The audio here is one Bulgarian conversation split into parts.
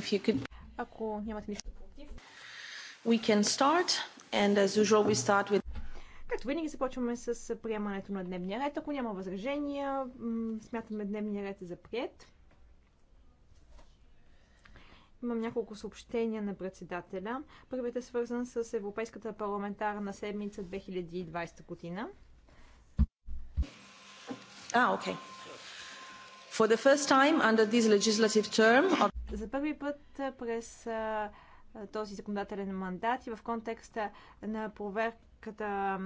could... Ако нямате нищо против. We can start and as usual we start with Както винаги започваме с приемането на дневния ред. Ако няма възражения, смятаме дневния ред за прият. Имам няколко съобщения на председателя. Първият е свързан с Европейската парламентарна седмица 2020 година. А, ah, окей. Okay. For the first time under this legislative term of за първи път през този законодателен мандат и в контекста на проверката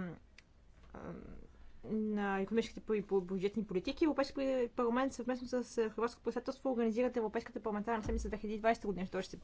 на економическите и бюджетни политики, Европейския парламент съвместно с е, Хрватско председателство организират Европейската парламентарна седмица 2020 година. Ще ще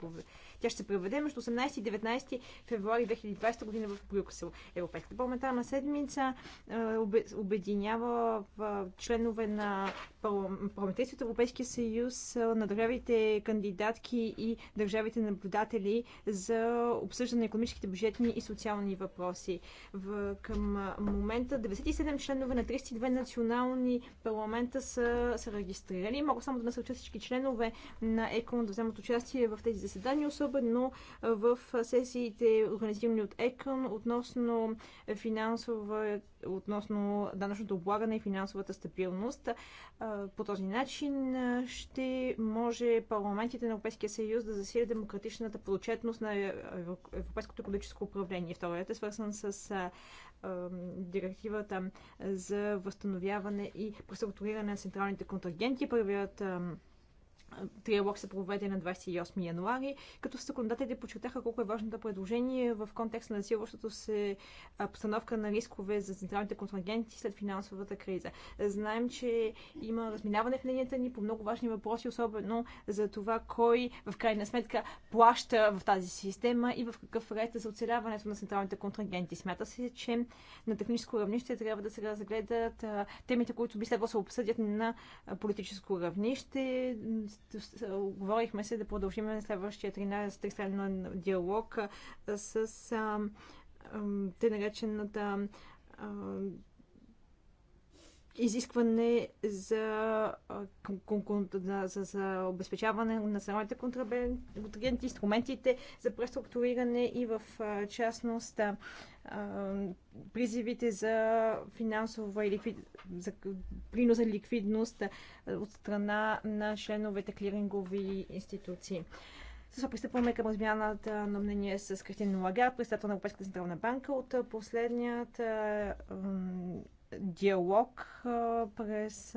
Тя ще се проведе между 18 и 19 февруари 2020 година в Брюксел. Европейската парламентарна седмица е, обединява в е, членове на парламентарите от Европейския съюз на държавите кандидатки и държавите наблюдатели за обсъждане на економическите, бюджетни и социални въпроси. В, към момента 97 члена членове на 32 национални парламента са, са регистрирали. Мога само да насърча всички членове на ЕКОН да вземат участие в тези заседания, особено в сесиите, организирани от ЕКОН, относно финансова, относно данъчното облагане и финансовата стабилност. По този начин ще може парламентите на Европейския съюз да засилят демократичната прочетност на европейското економическо управление. Вторият е свързан с директивата за възстановяване и преструктуриране на централните контрагенти. Първият Триалог се проведе на 28 януари, като законодателите подчертаха колко е важното предложение в контекста на засилващото се постановка на рискове за централните контрагенти след финансовата криза. Знаем, че има разминаване в мненията ни по много важни въпроси, особено за това кой в крайна сметка плаща в тази система и в какъв ред за оцеляването на централните контрагенти. Смята се, че на техническо равнище трябва да се разгледат темите, които би следвало се обсъдят на политическо равнище говорихме се да продължим на следващия 13-ти странен диалог с а, те наречената изискване за, за, за обезпечаване на самите контрагенти, инструментите за преструктуриране и в частност призивите за финансова и ликвид... за принос за ликвидност от страна на членовете клирингови институции. С това пристъпваме към размяната на мнение с Кристина Лагар, председател на Европейската централна банка от последният диалог през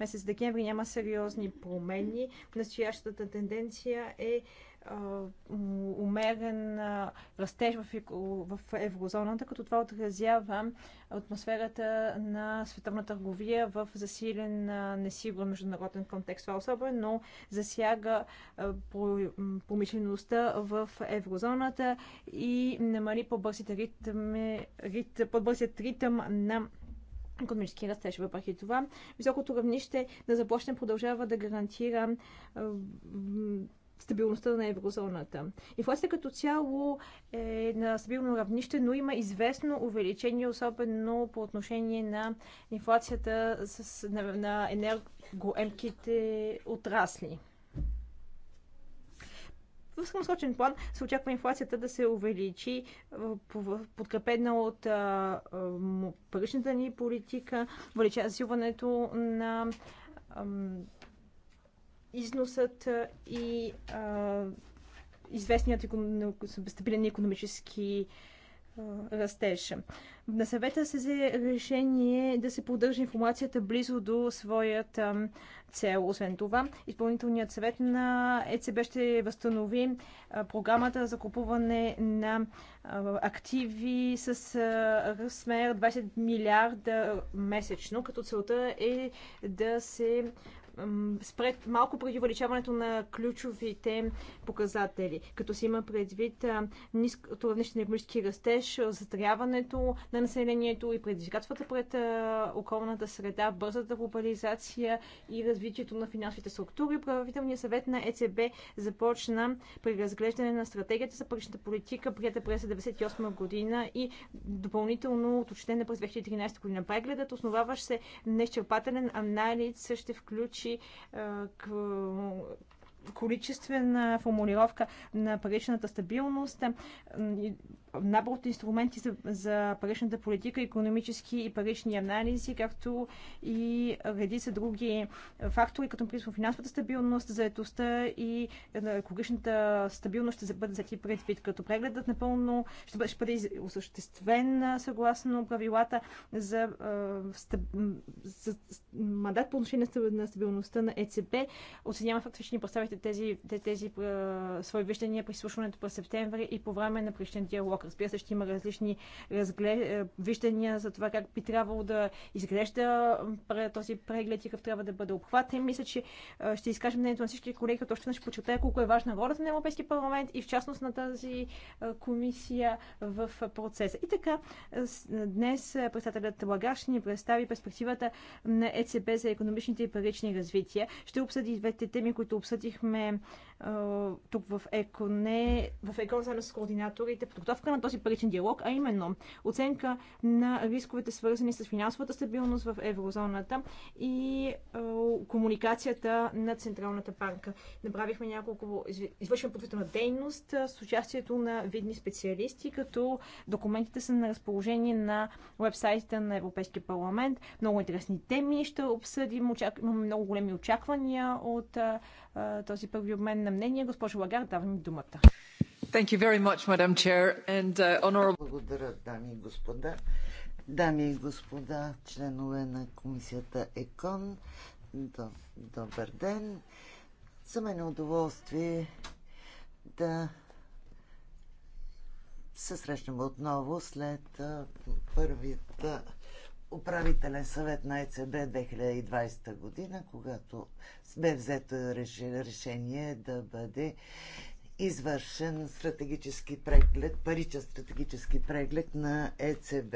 месец декември няма сериозни промени. Настоящата тенденция е умерен растеж в еврозоната, като това отразява атмосферата на световна търговия в засилен несигурен международен контекст. Това особено засяга промишлеността в еврозоната и намали по-бързият ритъм, по-бързият ритъм на економически растеж. Въпреки това, високото равнище на заплащане продължава да гарантира стабилността на еврозоната. Инфлацията като цяло е на стабилно равнище, но има известно увеличение, особено по отношение на инфлацията с, на, на енергоемките отрасли. В средносрочен план се очаква инфлацията да се увеличи, подкрепена от паричната ни политика, засилването на износът и а, известният стабилен економически растеж. На съвета се взе решение да се поддържа информацията близо до своята цел. Освен това, изпълнителният съвет на ЕЦБ ще възстанови програмата за купуване на активи с размер 20 милиарда месечно, като целта е да се спред малко преди увеличаването на ключовите показатели, като се има предвид ниското равнище на економически растеж, затряването на населението и предизвикателствата пред околната среда, бързата глобализация и развитието на финансовите структури. Правителният съвет на ЕЦБ започна при разглеждане на стратегията за паричната политика, прията през 1998 година и допълнително уточнена през 2013 година. Прегледът, основаващ се на изчерпателен анализ, ще включи получи количествена формулировка на паричната стабилност, набор от инструменти за, за паричната политика, економически и парични анализи, както и редица други фактори, като например финансовата стабилност, заетостта и е, екологичната стабилност ще бъдат взети предвид, като прегледът напълно ще бъде, ще бъде осъществен съгласно правилата за, стаб, за мандат по отношение на стабилността на ЕЦБ. Оценяваме фактически представите изразявате тези, тези а, свои виждания при слушването през септември и по време на прищен диалог. Разбира се, ще има различни разглед, виждания за това как би трябвало да изглежда този преглед и какъв трябва да бъде обхват. И мисля, че ще изкажем мнението на всички колеги, като още ще почетая колко е важна ролята на Европейския парламент и в частност на тази комисия в процеса. И така, днес председателят Лагаш ни представи перспективата на ЕЦБ за економичните и парични развития. Ще обсъди двете теми, които обсъдихме Имахме тук в не в ЕКО заедно с координаторите, подготовка на този паричен диалог, а именно оценка на рисковете свързани с финансовата стабилност в еврозоната и комуникацията на Централната банка. Направихме няколко, извършваме подготовителна дейност с участието на видни специалисти, като документите са на разположение на вебсайта на Европейския парламент. Много интересни теми ще обсъдим. Очак... Имаме много големи очаквания от този първи обмен на мнение. Госпожо Лагар, давам ви думата. Thank you very much, Madam Chair, and, uh, honorable... Благодаря, дами и господа. Дами и господа, членове на комисията ЕКОН, добър ден. За мен е удоволствие да се срещнем отново след първият управителен съвет на ЕЦБ 2020 година, когато бе взето решение да бъде извършен стратегически преглед, паричен стратегически преглед на ЕЦБ.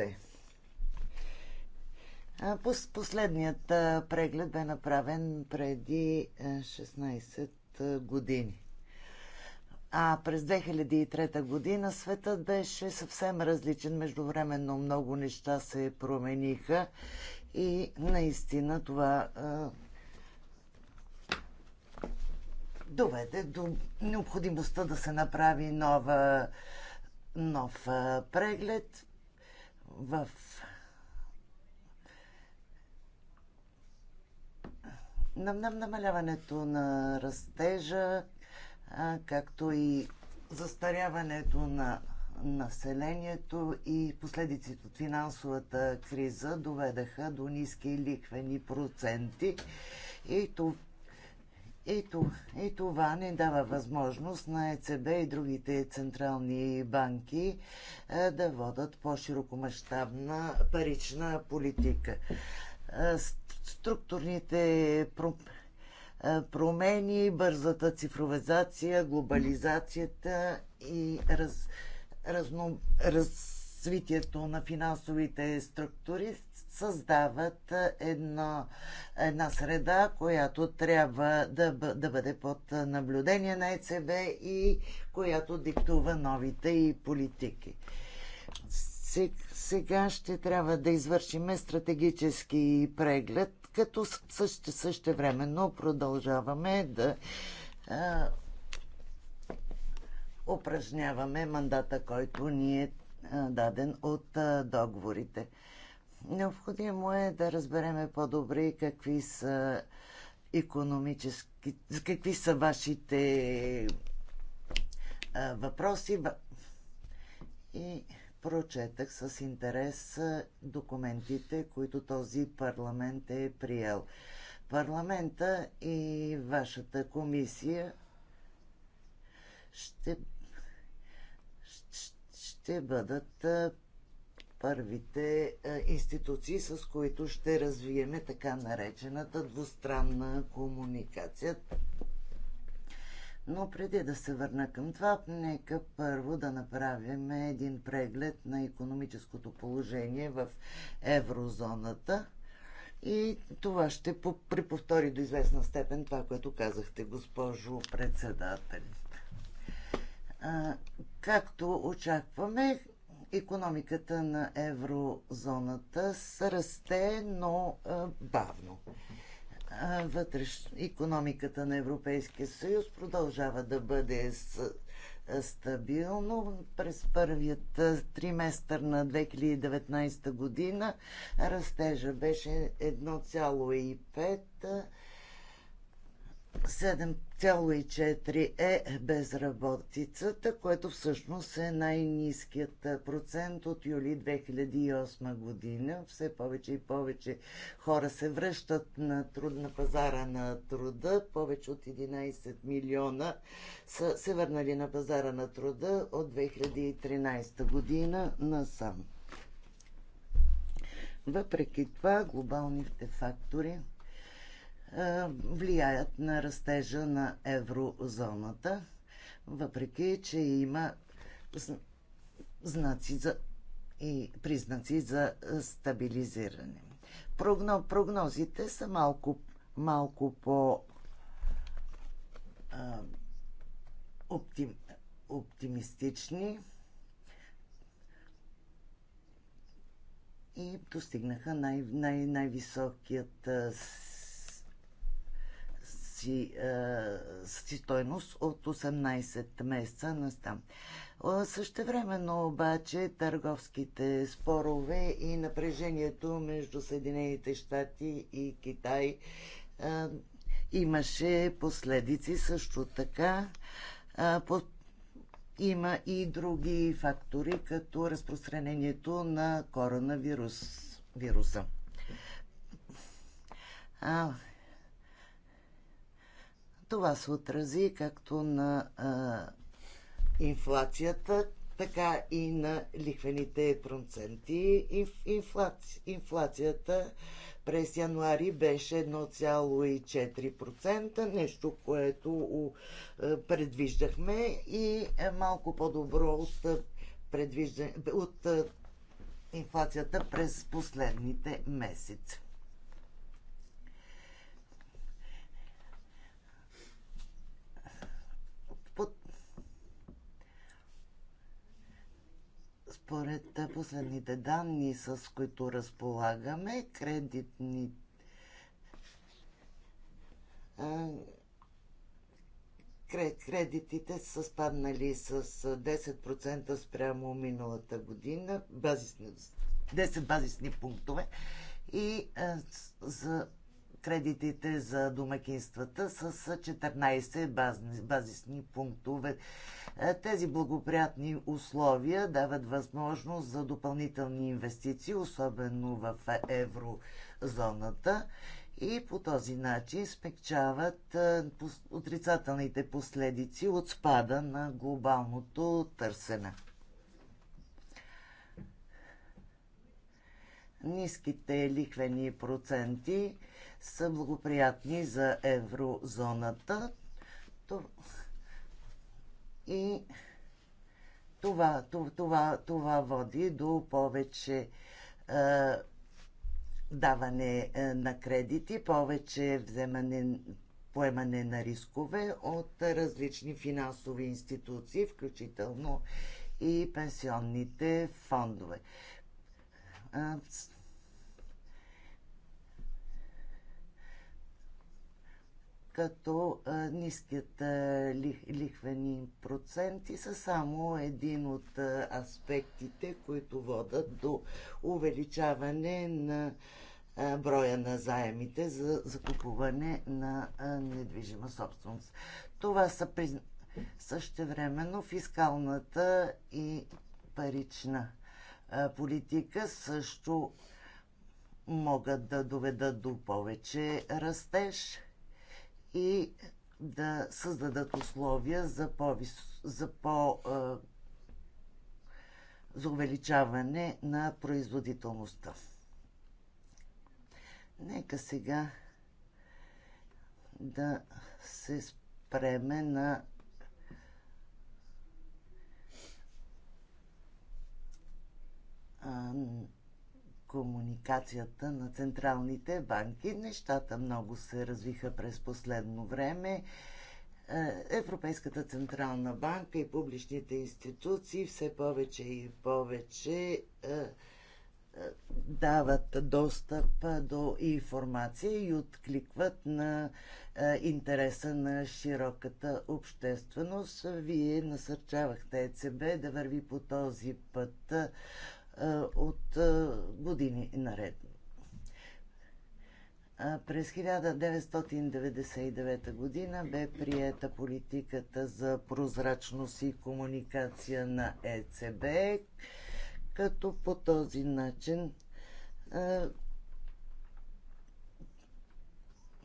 Последният преглед бе направен преди 16 години. А през 2003 година светът беше съвсем различен. Междувременно много неща се промениха и наистина това а, доведе до необходимостта да се направи нова, нов а, преглед в намаляването на растежа, както и застаряването на населението и последиците от финансовата криза доведаха до ниски ликвени проценти и това и това, и това не дава възможност на ЕЦБ и другите централни банки да водат по-широкомащабна парична политика. Структурните промени, бързата цифровизация, глобализацията и раз, разно, развитието на финансовите структури създават една, една среда, която трябва да, да бъде под наблюдение на ЕЦБ и която диктува новите и политики. Сега ще трябва да извършим стратегически преглед като също, същевременно продължаваме да а, упражняваме мандата, който ни е а, даден от а, договорите. Необходимо е да разбереме по-добре какви са економически, какви са вашите а, въпроси и прочетах с интерес документите, които този парламент е приел. Парламента и вашата комисия ще, ще бъдат първите институции, с които ще развиеме така наречената двустранна комуникация. Но преди да се върна към това, нека първо да направим един преглед на економическото положение в еврозоната. И това ще приповтори до известна степен това, което казахте, госпожо председател. А, както очакваме, економиката на еврозоната се расте, но а, бавно вътреш, економиката на Европейския съюз продължава да бъде с, стабилно. През първият триместър на 2019 година растежа беше 1,5, 7 1,4 е безработицата, което всъщност е най-низкият процент от юли 2008 година. Все повече и повече хора се връщат на, трудна пазара на труда. Повече от 11 милиона са се върнали на пазара на труда от 2013 година насам. Въпреки това, глобалните фактори е, влияят на растежа на еврозоната, въпреки че има знаци за и признаци за е, стабилизиране. Прогно, прогнозите са малко, малко по а, е, оптим, оптимистични и достигнаха най- най- най-високият най си, е, си стойност от 18 месеца на стан. Същевременно обаче търговските спорове и напрежението между Съединените щати и Китай а, е, имаше последици също така. А, е, по, има и други фактори, като разпространението на коронавирус. Вируса. А, това се отрази както на а, инфлацията, така и на лихвените проценти. Инфлаци, инфлацията през януари беше 1,4%, нещо, което предвиждахме и е малко по-добро от, предвижда... от инфлацията през последните месеци. Според последните данни, с които разполагаме, кредитни кредитите са спаднали с 10% спрямо миналата година, базисни, 10 базисни пунктове и за кредитите за домакинствата с 14 базисни пунктове. Е, тези благоприятни условия дават възможност за допълнителни инвестиции, особено в еврозоната и по този начин спекчават е, отрицателните последици от спада на глобалното търсене. Ниските лихвени проценти са благоприятни за еврозоната. И това, това, това, това води до повече е, даване е, на кредити, повече вземане, поемане на рискове от различни финансови институции, включително и пенсионните фондове. Е, като а, ниският а, лих, лихвени проценти са само един от а, аспектите, които водат до увеличаване на а, броя на заемите за закупуване на а, недвижима собственост. Това са призна... същевременно фискалната и парична а, политика също могат да доведат до повече растеж и да създадат условия за, повис... за по за увеличаване на производителността. Нека сега да се спреме на комуникацията на централните банки. Нещата много се развиха през последно време. Е, Европейската централна банка и публичните институции все повече и повече е, е, дават достъп до информация и откликват на интереса на широката общественост. Вие насърчавахте ЕЦБ да върви по този път е, от е, години наред. През 1999 година бе приета политиката за прозрачност и комуникация на ЕЦБ, като по този начин е,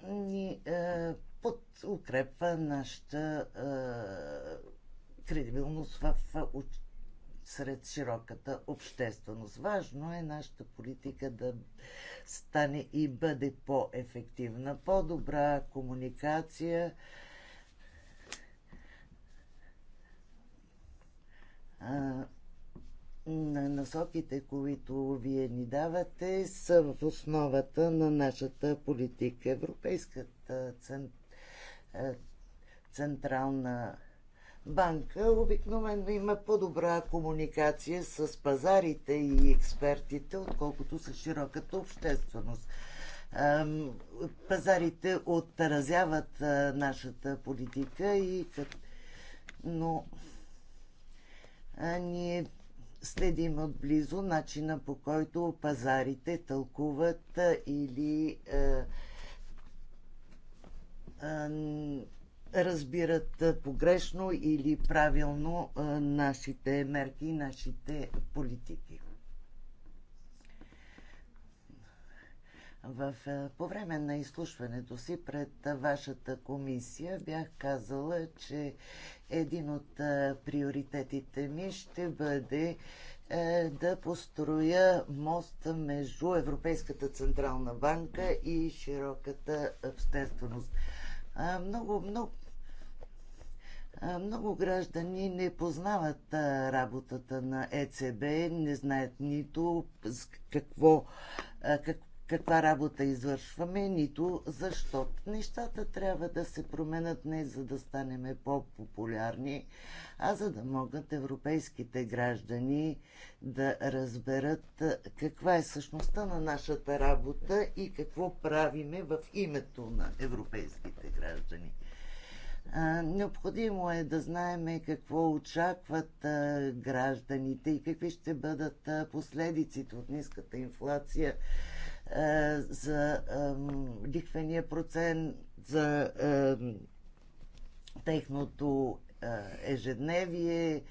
ни е, под укрепва нашата е, кредибилност в, в, сред широката общественост. Важно е нашата политика да стане и бъде по-ефективна, по-добра комуникация. А, на насоките, които вие ни давате, са в основата на нашата политика. Европейската цен... централна банка обикновено има по-добра комуникация с пазарите и експертите, отколкото с широката общественост. Пазарите отразяват нашата политика и но а ние следим отблизо начина по който пазарите тълкуват или а, а, разбират погрешно или правилно нашите мерки и нашите политики. В, по време на изслушването си пред вашата комисия бях казала, че един от приоритетите ми ще бъде е, да построя мост между Европейската Централна банка и широката общественост. Много, много, много граждани не познават работата на ЕЦБ, не знаят нито какво, как, каква работа извършваме, нито защо. Нещата трябва да се променят не за да станем по-популярни, а за да могат европейските граждани да разберат каква е същността на нашата работа и какво правиме в името на европейските граждани. Необходимо е да знаем какво очакват гражданите и какви ще бъдат последиците от ниската инфлация за лихвения процент, за техното ежедневие.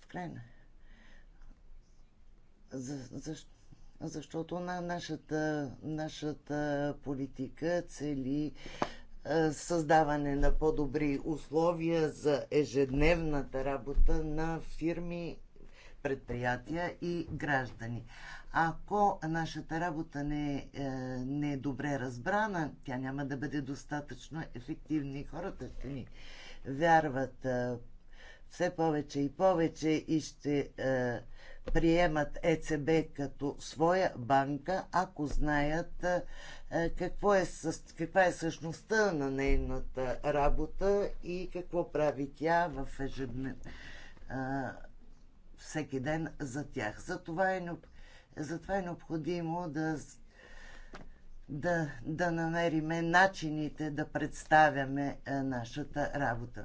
В крайна. За, защо? Защото на нашата, нашата политика цели е, създаване на по-добри условия за ежедневната работа на фирми, предприятия и граждани. Ако нашата работа не, е, не е добре разбрана, тя няма да бъде достатъчно ефективна и хората ще ни вярват. Е, все повече и повече и ще е, приемат ЕЦБ като своя банка, ако знаят е, е какво е, каква е същността на нейната работа и какво прави тя в ежедне, е, всеки ден за тях. Затова е, затова е необходимо да да, да намериме начините да представяме е, нашата работа.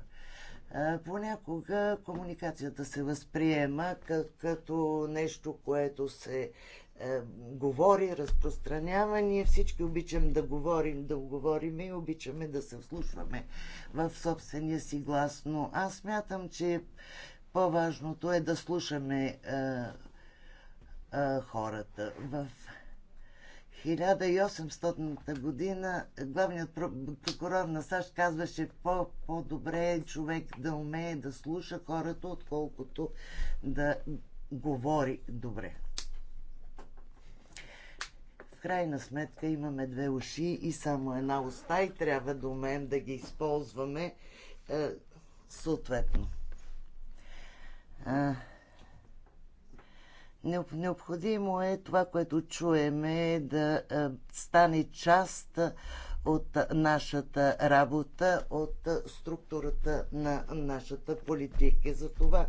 Понякога комуникацията се възприема като нещо, което се е, говори, разпространява. Ние всички обичам да говорим, да говорим и обичаме да се вслушваме в собствения си глас. Но аз мятам, че по-важното е да слушаме е, е, хората. В 1800 година главният прокурор на САЩ казваше по, по-добре е човек да умее да слуша хората, отколкото да говори добре. В крайна сметка имаме две уши и само една уста и трябва да умеем да ги използваме е, съответно. А, Необходимо е това, което чуеме, да стане част от нашата работа, от структурата на нашата политика. За това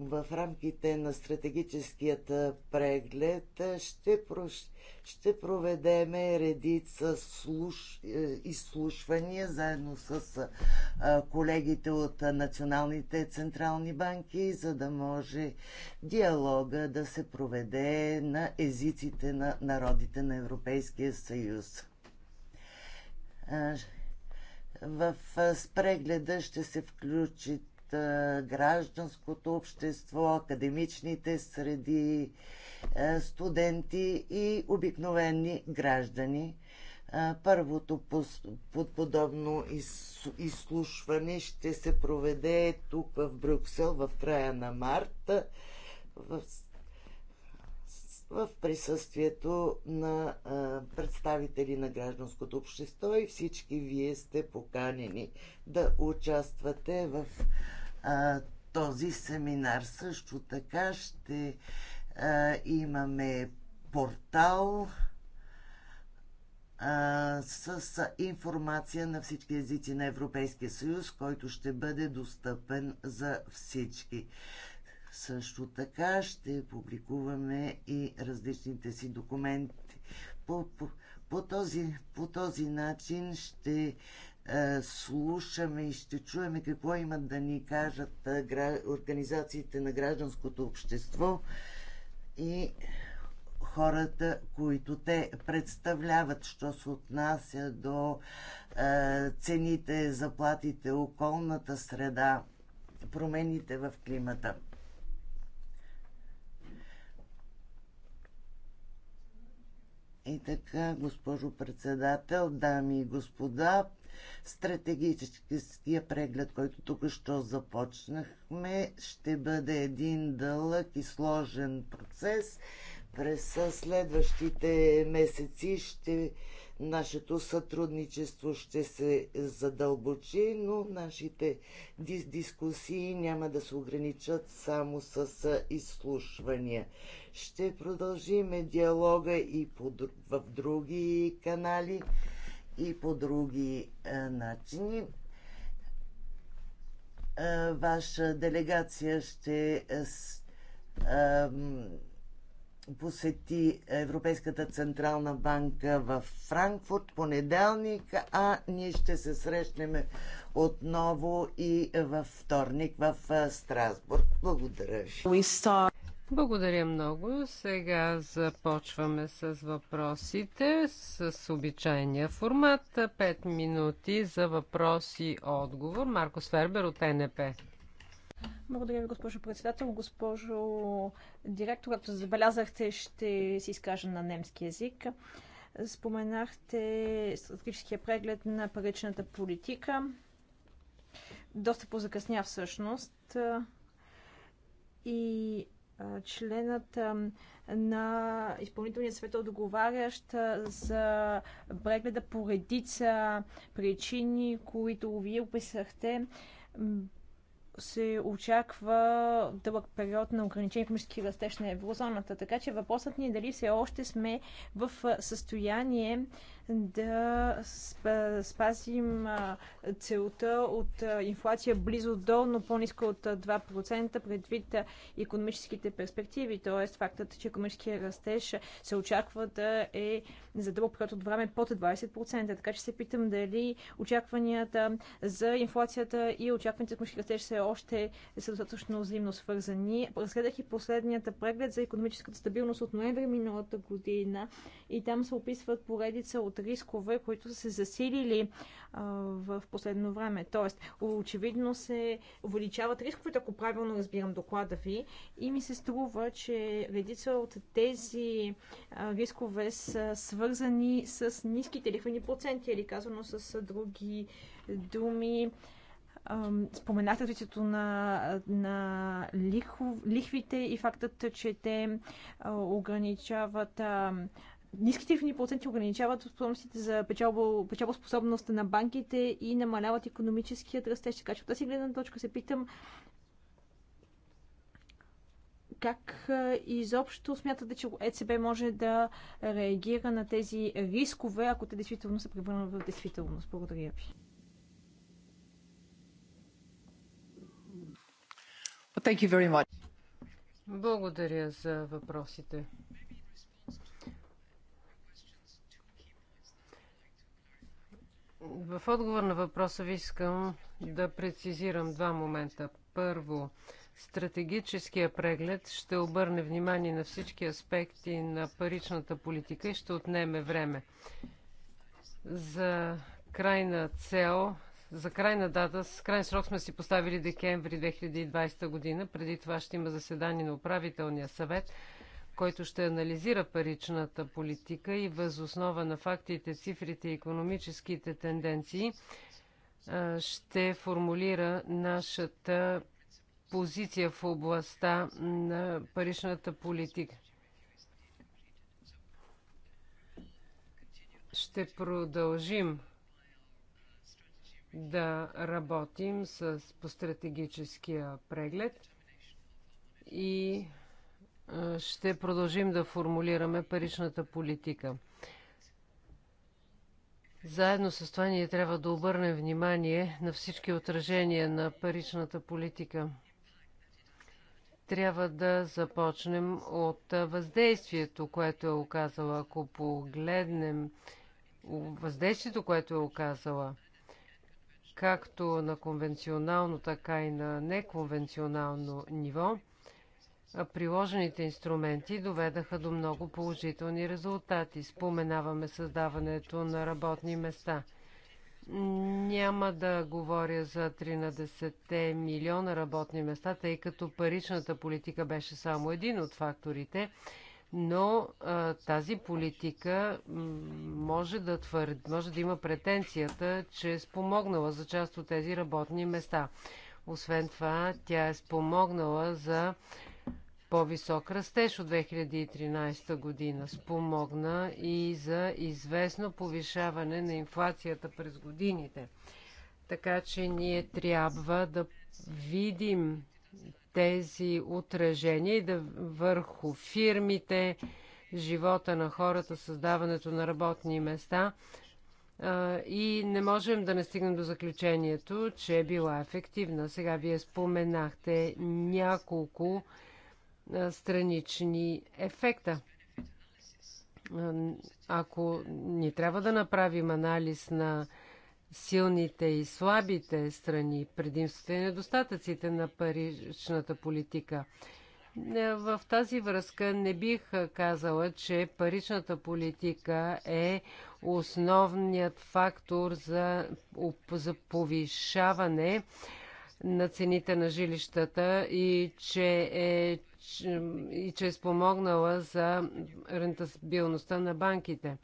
в рамките на стратегическият преглед ще, про, ще проведеме редица слуш, е, изслушвания заедно с колегите от националните централни банки, за да може диалога да се проведе на езиците на народите на Европейския съюз. В прегледа ще се включи гражданското общество, академичните среди, студенти и обикновени граждани. Първото под подобно изслушване ще се проведе тук в Брюксел в края на марта в, в присъствието на а, представители на гражданското общество и всички вие сте поканени да участвате в а, този семинар. Също така ще а, имаме портал а, с информация на всички езици на Европейския съюз, който ще бъде достъпен за всички. Също така ще публикуваме и различните си документи. По, по, по, този, по този начин ще е, слушаме и ще чуеме какво имат да ни кажат е, организациите на гражданското общество и хората, които те представляват, що се отнася до е, цените, заплатите, околната среда, промените в климата. И така, госпожо председател, дами и господа, Стратегическия преглед, който тук що започнахме, ще бъде един дълъг и сложен процес. През следващите месеци ще нашето сътрудничество ще се задълбочи, но нашите дис- дискусии няма да се ограничат само с изслушвания. Ще продължиме диалога и по- в други канали и по други е, начини. Е, ваша делегация ще е, посети Европейската централна банка в Франкфурт понеделник, а ние ще се срещнем отново и във вторник в Страсбург. Благодаря ви. Благодаря много. Сега започваме с въпросите с обичайния формат. Пет минути за въпроси и отговор. Марко Свербер от НП. Благодаря ви, госпожо председател. Госпожо директор, както забелязахте, ще си изкажа на немски язик. Споменахте стратегическия преглед на паричната политика. Доста позакъсня всъщност. И членът на изпълнителния съвет отговарящ за прегледа по редица причини, които вие описахте, се очаква дълъг период на ограничен економически растеж на еврозоната. Така че въпросът ни е дали все още сме в състояние да спазим целта от инфлация близо до, но по-ниска от 2% предвид економическите перспективи, т.е. фактът, че економическия растеж се очаква да е за дълъг период от време под 20%. Така че се питам дали очакванията за инфлацията и очакваните економически растеж се още са достатъчно взаимно свързани. Разгледах и последният преглед за економическата стабилност от ноември миналата година и там се описват поредица от рискове, които са се засилили а, в последно време. Тоест, очевидно се увеличават рисковете, ако правилно разбирам доклада ви. И ми се струва, че редица от тези а, рискове са свързани с ниските лихвени проценти, или казано с други думи споменахте отличието на, на лихов, лихвите и фактът, че те ограничават Ниските лихвени проценти ограничават способностите за печалбоспособност на банките и намаляват економическият растеж. Така че от тази гледна точка се питам как изобщо смятате, че ЕЦБ може да реагира на тези рискове, ако те действително се превърнат в действителност? Благодаря ви. Благодаря за въпросите. В отговор на въпроса ви искам да прецизирам два момента. Първо, стратегическия преглед ще обърне внимание на всички аспекти на паричната политика и ще отнеме време. За крайна цел, за крайна дата, с крайен срок сме си поставили декември 2020 година. Преди това ще има заседание на управителния съвет – който ще анализира паричната политика и възоснова на фактите, цифрите и економическите тенденции ще формулира нашата позиция в областта на паричната политика. Ще продължим да работим с, по стратегическия преглед и ще продължим да формулираме паричната политика. Заедно с това ние трябва да обърнем внимание на всички отражения на паричната политика. Трябва да започнем от въздействието, което е оказала. Ако погледнем въздействието, което е оказала, както на конвенционално, така и на неконвенционално ниво, приложените инструменти доведаха до много положителни резултати. Споменаваме създаването на работни места. Няма да говоря за 13 милиона работни места, тъй като паричната политика беше само един от факторите, но а, тази политика може да, твърд, може да има претенцията, че е спомогнала за част от тези работни места. Освен това, тя е спомогнала за по-висок растеж от 2013 година. Спомогна и за известно повишаване на инфлацията през годините. Така че ние трябва да видим тези отражения и да върху фирмите, живота на хората, създаването на работни места. И не можем да не стигнем до заключението, че е била ефективна. Сега вие споменахте няколко странични ефекта. Ако ни трябва да направим анализ на силните и слабите страни, предимствата и недостатъците на паричната политика, в тази връзка не бих казала, че паричната политика е основният фактор за, за повишаване на цените на жилищата и че е, и че е спомогнала за рентабилността на банките.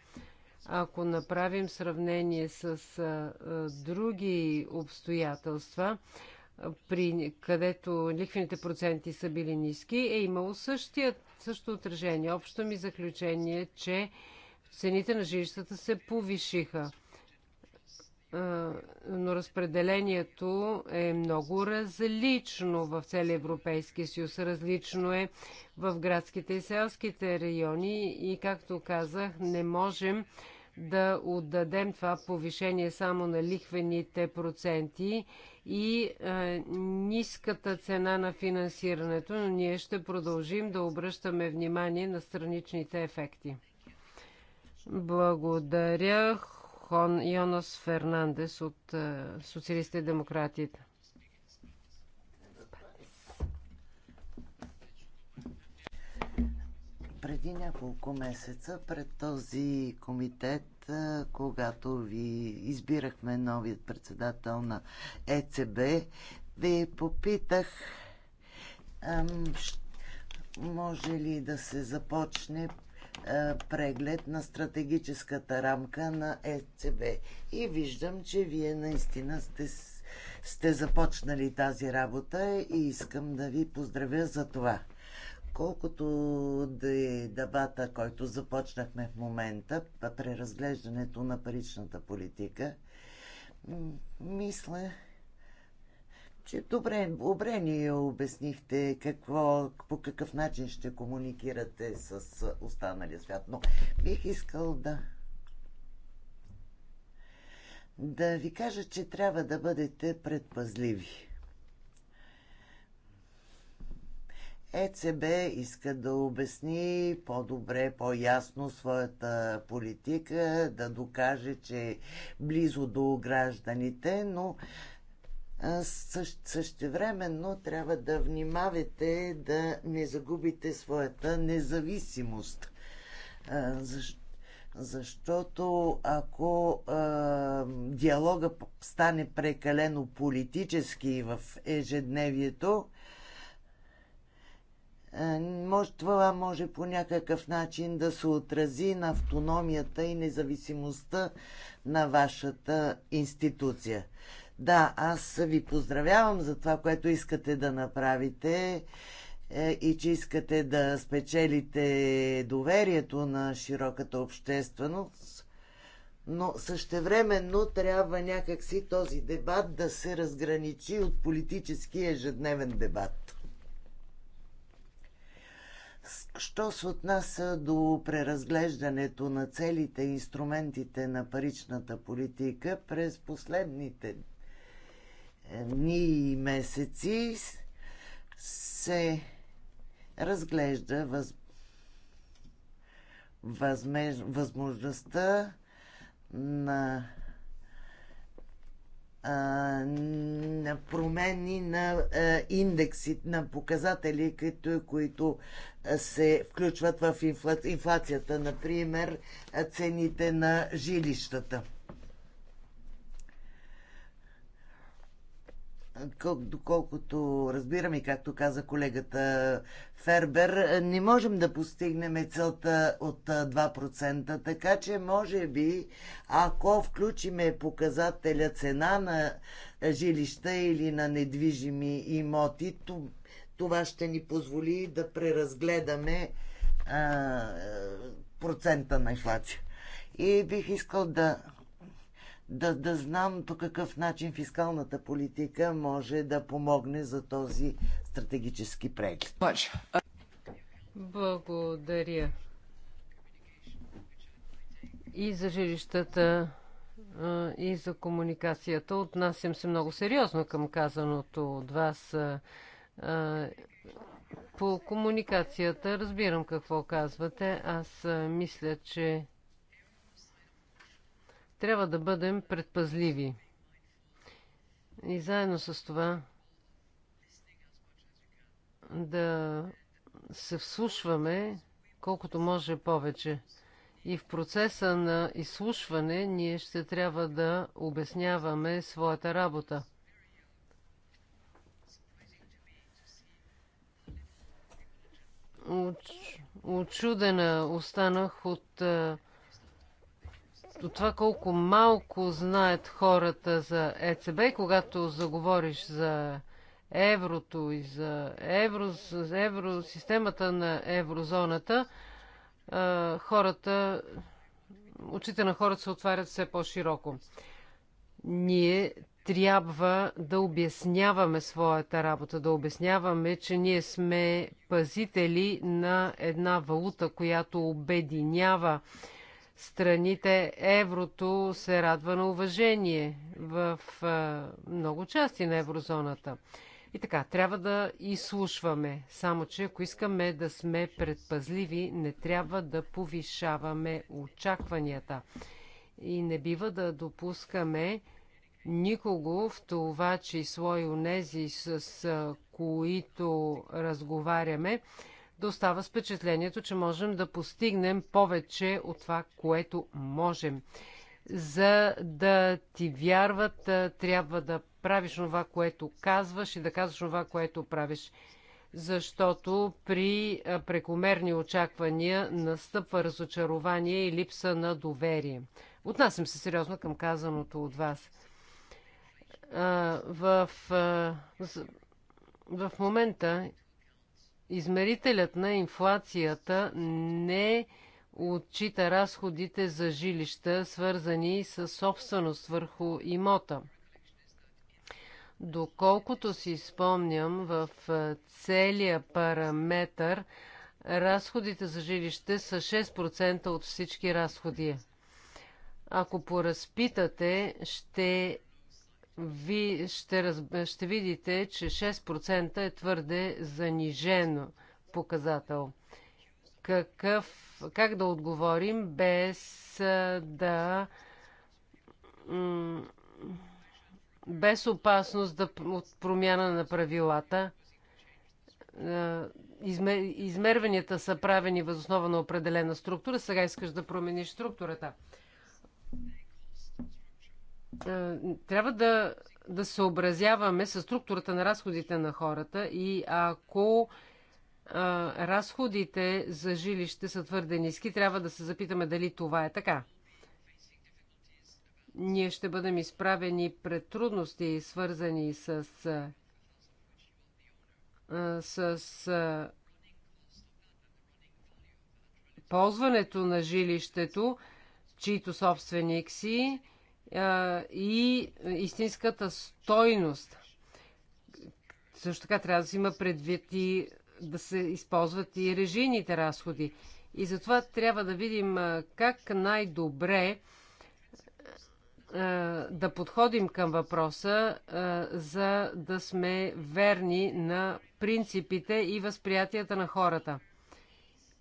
Ако направим сравнение с а, други обстоятелства, при, където лихвените проценти са били ниски, е имало същия, също отражение. Общо ми заключение, че цените на жилищата се повишиха. Е, но разпределението е много различно в целия Европейски съюз. Различно е в градските и селските райони и, както казах, не можем да отдадем това повишение само на лихвените проценти и е, ниската цена на финансирането, но ние ще продължим да обръщаме внимание на страничните ефекти. Благодаря. Хон Йонас Фернандес от е, Социалистите и демократите. преди няколко месеца пред този комитет, е, когато ви избирахме новият председател на ЕЦБ, ви попитах ам, може ли да се започне е, преглед на стратегическата рамка на ЕЦБ. И виждам, че вие наистина сте, сте започнали тази работа и искам да ви поздравя за това. Колкото да е дебата, който започнахме в момента, преразглеждането на паричната политика, мисля, че добре, добре ни обяснихте какво, по какъв начин ще комуникирате с останалия свят, но бих искал да да ви кажа, че трябва да бъдете предпазливи. ЕЦБ иска да обясни по-добре, по-ясно своята политика, да докаже, че е близо до гражданите, но същевременно трябва да внимавате да не загубите своята независимост. защото ако диалога стане прекалено политически в ежедневието, може, това може по някакъв начин да се отрази на автономията и независимостта на вашата институция. Да, аз ви поздравявам за това, което искате да направите е, и че искате да спечелите доверието на широката общественост, но същевременно трябва някакси този дебат да се разграничи от политически ежедневен дебат. Що се отнася до преразглеждането на целите и инструментите на паричната политика през последните дни и месеци се разглежда въз... възмеж... възможността на на промени на индекси, на показатели, които, които се включват в инфлацията, например цените на жилищата. доколкото разбираме, както каза колегата Фербер, не можем да постигнем целта от 2%, така че може би, ако включиме показателя цена на жилища или на недвижими имоти, това ще ни позволи да преразгледаме процента на инфлация. И бих искал да да, да знам по какъв начин фискалната политика може да помогне за този стратегически преглед. Благодаря. И за жилищата, и за комуникацията. Отнасям се много сериозно към казаното от вас. По комуникацията разбирам какво казвате. Аз мисля, че трябва да бъдем предпазливи. И заедно с това да се вслушваме колкото може повече. И в процеса на изслушване ние ще трябва да обясняваме своята работа. Очудена останах от от това колко малко знаят хората за ЕЦБ, когато заговориш за еврото и за, евро, за евро, системата на еврозоната, хората, очите на хората се отварят все по-широко. Ние трябва да обясняваме своята работа, да обясняваме, че ние сме пазители на една валута, която обединява страните еврото се радва на уважение в много части на еврозоната. И така, трябва да изслушваме. Само, че ако искаме да сме предпазливи, не трябва да повишаваме очакванията. И не бива да допускаме никого, в това число и унези, с които разговаряме, да остава с впечатлението, че можем да постигнем повече от това, което можем. За да ти вярват, трябва да правиш това, което казваш и да казваш това, което правиш. Защото при прекомерни очаквания настъпва разочарование и липса на доверие. Отнасям се сериозно към казаното от вас. В, в момента измерителят на инфлацията не отчита разходите за жилища, свързани с собственост върху имота. Доколкото си спомням, в целия параметър разходите за жилище са 6% от всички разходи. Ако поразпитате, ще ви ще, раз... ще видите, че 6% е твърде занижено показател. Какъв... Как да отговорим без да без опасност да, от промяна на правилата. Измер, измерванията са правени възоснова на определена структура. Сега искаш да промениш структурата. Е, трябва да, да съобразяваме с структурата на разходите на хората и ако а, е, разходите за жилище са твърде ниски, трябва да се запитаме дали това е така. Ние ще бъдем изправени пред трудности, свързани с, а, е, с а, ползването на жилището, чието собственик си и истинската стойност. Също така трябва да се има предвид и да се използват и режийните разходи. И затова трябва да видим как най-добре да подходим към въпроса, за да сме верни на принципите и възприятията на хората.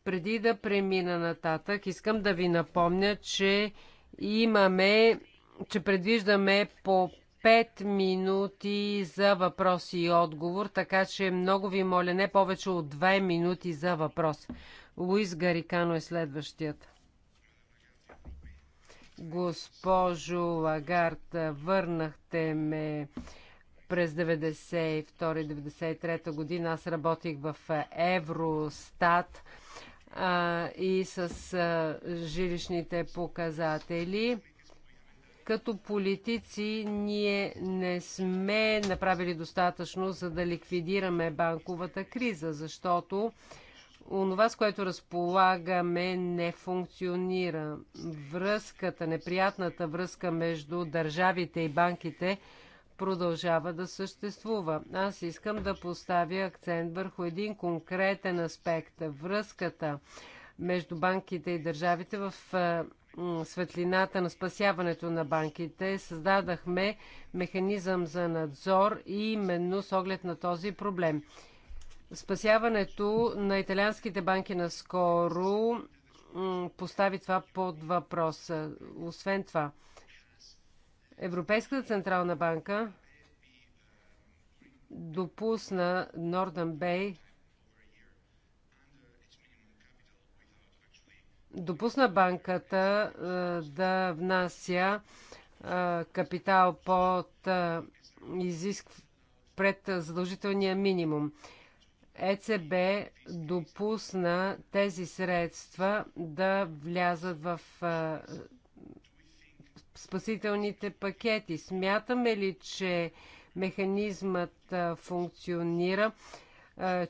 Преди да премина нататък, искам да ви напомня, че имаме че предвиждаме по 5 минути за въпроси и отговор, така че много ви моля не повече от 2 минути за въпрос. Луис Гарикано е следващият. Госпожо Лагард, върнахте ме през 1992-1993 година. Аз работих в Евростат а, и с а, жилищните показатели като политици ние не сме направили достатъчно, за да ликвидираме банковата криза, защото онова, с което разполагаме, не функционира. Връзката, неприятната връзка между държавите и банките продължава да съществува. Аз искам да поставя акцент върху един конкретен аспект. Връзката между банките и държавите в е, светлината на спасяването на банките, създадахме механизъм за надзор и именно с оглед на този проблем. Спасяването на италианските банки наскоро постави това под въпрос. Освен това, Европейската централна банка допусна Нордън Бей допусна банката да внася капитал под изиск пред задължителния минимум. ЕЦБ допусна тези средства да влязат в спасителните пакети. Смятаме ли, че механизмът функционира?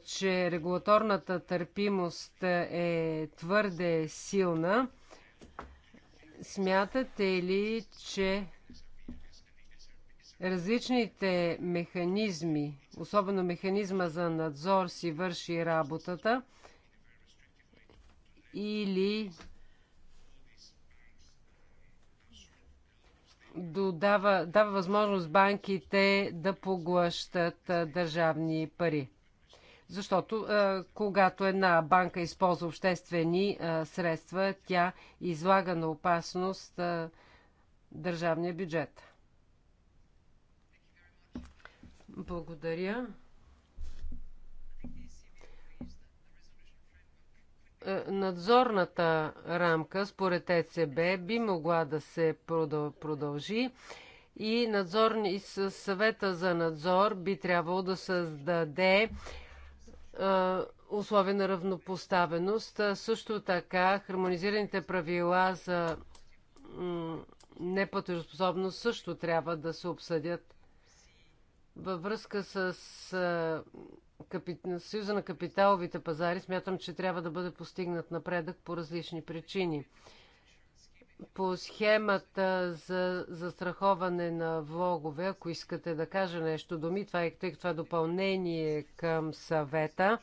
че регулаторната търпимост е твърде силна. Смятате ли, че различните механизми, особено механизма за надзор си върши работата или додава, дава възможност банките да поглъщат държавни пари. Защото е, когато една банка използва обществени е, средства, тя излага на опасност е, държавния бюджет. Благодаря. надзорната рамка според ЕЦБ би могла да се продължи и, надзор, и съвета за надзор би трябвало да създаде условия на равнопоставеност. Също така, хармонизираните правила за неплатежоспособност също трябва да се обсъдят. Във връзка с Съюза на капиталовите пазари, смятам, че трябва да бъде постигнат напредък по различни причини по схемата за застраховане на влогове, ако искате да кажа нещо думи, това е, тъй това е допълнение към съвета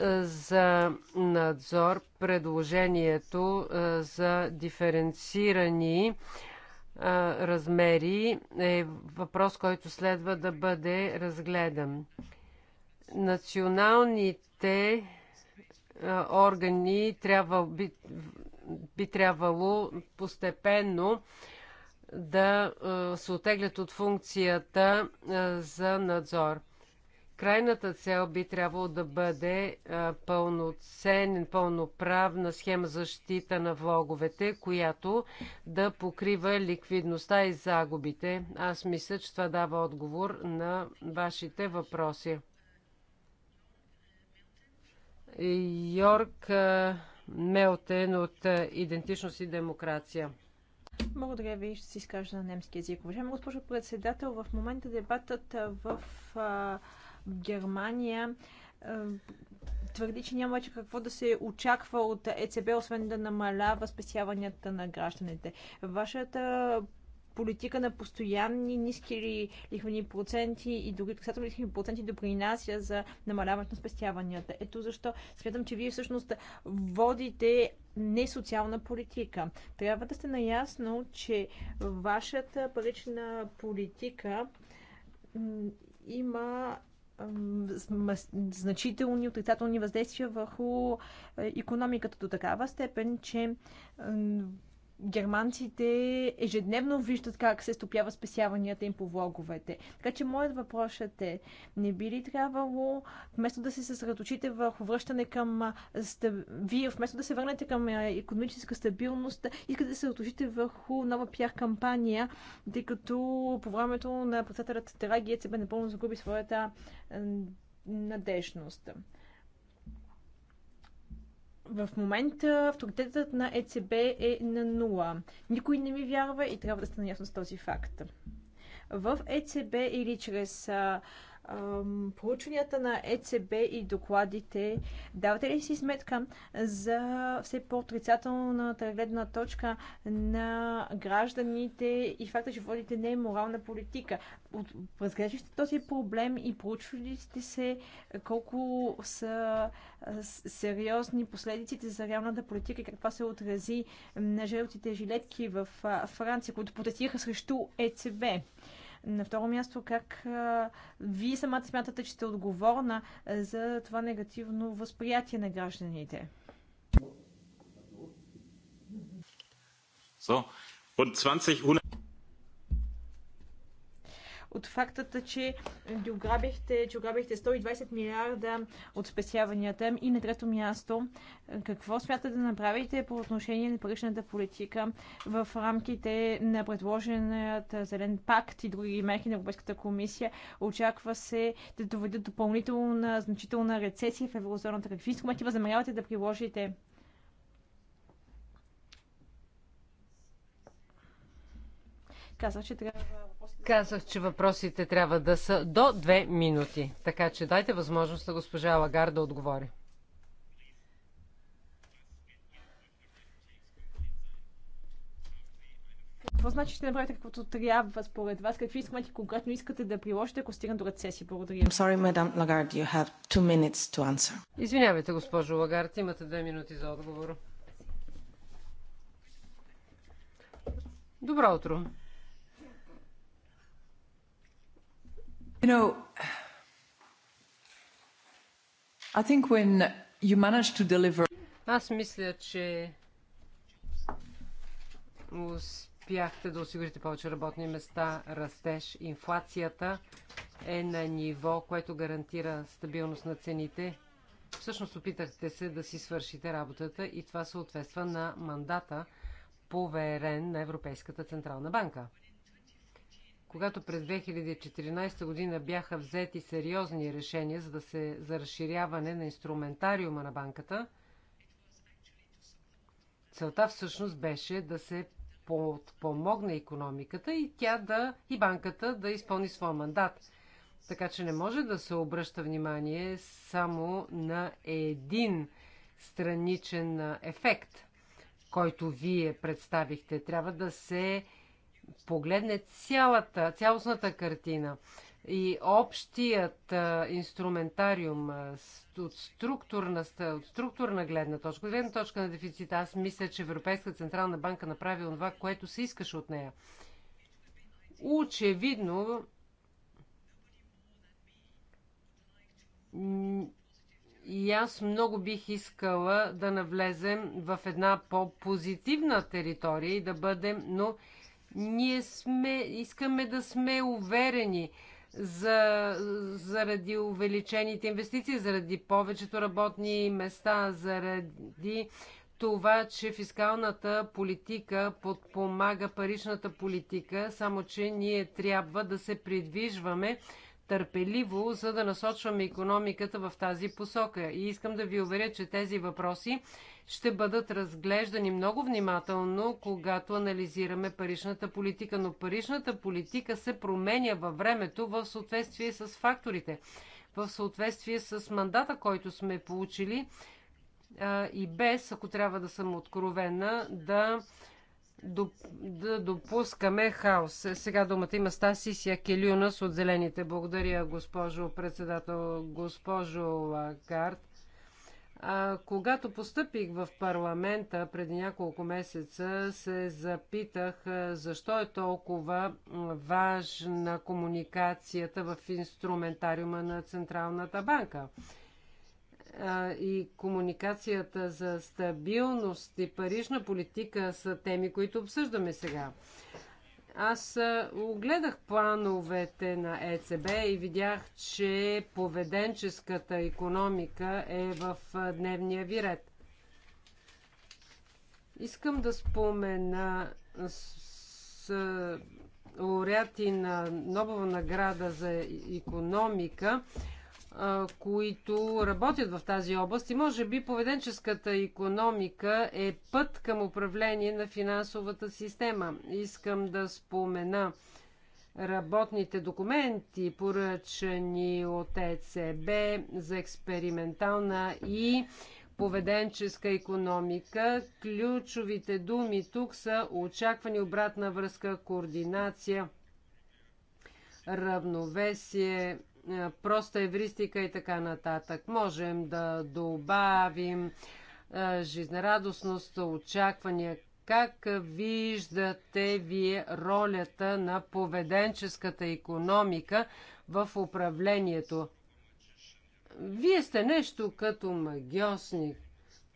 е, за надзор, предложението е, за диференцирани размери е въпрос, който следва да бъде разгледан. Националните органи трябва, би, би трябвало постепенно да се отеглят от функцията за надзор. Крайната цел би трябвало да бъде пълноценен, пълноправна схема за защита на влоговете, която да покрива ликвидността и загубите. Аз мисля, че това дава отговор на вашите въпроси. Йорк Мелтен от е, Идентичност и демокрация. Благодаря ви, ще си изкажа на немски язик. Уважаема госпожо председател, в момента дебатът е, в а, Германия а, е, твърди, че няма вече какво да се очаква от ЕЦБ, освен да намалява спесяванията на гражданите. Вашата политика на постоянни ниски лихвени проценти и дори отрицателни лихвени проценти допринася за намаляването на спестяванията. Ето защо смятам, че вие всъщност водите не социална политика. Трябва да сте наясно, че вашата парична политика има значителни отрицателни въздействия върху економиката до такава степен, че германците ежедневно виждат как се стопява спесяванията им по влоговете. Така че моят въпрос е, не би ли трябвало, вместо да се съсредоточите върху връщане към... Стаб... Вие, вместо да се върнете към економическа стабилност, искате да се съсредоточите върху нова пиар кампания, тъй като по времето на председателят Драги ЕЦБ напълно загуби своята надежност в момента авторитетът на ЕЦБ е на нула. Никой не ми вярва и трябва да стане ясно с този факт. В ЕЦБ или чрез проучванията на ЕЦБ и докладите, давате ли си сметка за все по-отрицателната гледна точка на гражданите и факта, че водите не е морална политика? Разглеждате този проблем и проучвали сте се колко са сериозни последиците за реалната политика и каква се отрази на жълтите жилетки в Франция, които протестираха срещу ЕЦБ? На второ място, как вие самата смятате, че сте отговорна за това негативно възприятие на гражданите? So, от фактата, че ограбихте, че ограбихте 120 милиарда от спесяванията им. И на трето място, какво смятате да направите по отношение на паричната политика в рамките на предложеният Зелен пакт и други мерки на Европейската комисия? Очаква се да доведат допълнителна значителна рецесия в еврозоната. Какви инструменти възнамерявате да приложите? Казва, че трябва Казах, че въпросите трябва да са до две минути, така че дайте възможност на госпожа Лагар да отговори. Какво значи ще направите каквото трябва според вас? Какви инструменти конкретно искате да приложите, ако стигна до рецесия? Благодаря. I'm sorry, Madame Lagarde, you have two minutes to answer. Извинявайте, госпожо Лагард, имате две минути за отговор. Добро утро. You know, I think when you manage to deliver... Аз мисля, че успяхте да осигурите повече работни места, растеж, инфлацията е на ниво, което гарантира стабилност на цените. Всъщност опитахте се да си свършите работата и това съответства на мандата, поверен на Европейската Централна банка. Когато през 2014 година бяха взети сериозни решения за, да се, за разширяване на инструментариума на банката, целта всъщност беше да се подпомогне економиката и тя да и банката да изпълни своя мандат. Така че не може да се обръща внимание само на един страничен ефект, който вие представихте. Трябва да се погледне цялата, цялостната картина и общият а, инструментариум а, от, структурна, от структурна гледна точка, от гледна точка на дефицита, аз мисля, че Европейска Централна банка направи това, което се искаше от нея. Очевидно, и аз много бих искала да навлезем в една по-позитивна територия и да бъдем, но ние сме, искаме да сме уверени за, заради увеличените инвестиции, заради повечето работни места, заради това, че фискалната политика подпомага паричната политика, само че ние трябва да се придвижваме търпеливо, за да насочваме економиката в тази посока. И искам да ви уверя, че тези въпроси ще бъдат разглеждани много внимателно, когато анализираме паричната политика. Но паричната политика се променя във времето в съответствие с факторите, в съответствие с мандата, който сме получили и без, ако трябва да съм откровена, да да допускаме хаос. Сега думата има Стасис Якелюнас от Зелените. Благодаря, госпожо председател, госпожо Карт. А, когато постъпих в парламента преди няколко месеца, се запитах защо е толкова важна комуникацията в инструментариума на Централната банка и комуникацията за стабилност и парижна политика са теми, които обсъждаме сега. Аз огледах плановете на ЕЦБ и видях, че поведенческата економика е в дневния ви ред. Искам да спомена с лауреати на Нобова награда за економика които работят в тази област и може би поведенческата економика е път към управление на финансовата система. Искам да спомена работните документи, поръчани от ЕЦБ за експериментална и поведенческа економика. Ключовите думи тук са очаквани обратна връзка, координация, равновесие, е, проста евристика и така нататък. Можем да добавим е, жизнерадостност, очаквания. Как виждате вие ролята на поведенческата економика в управлението? Вие сте нещо като магиосник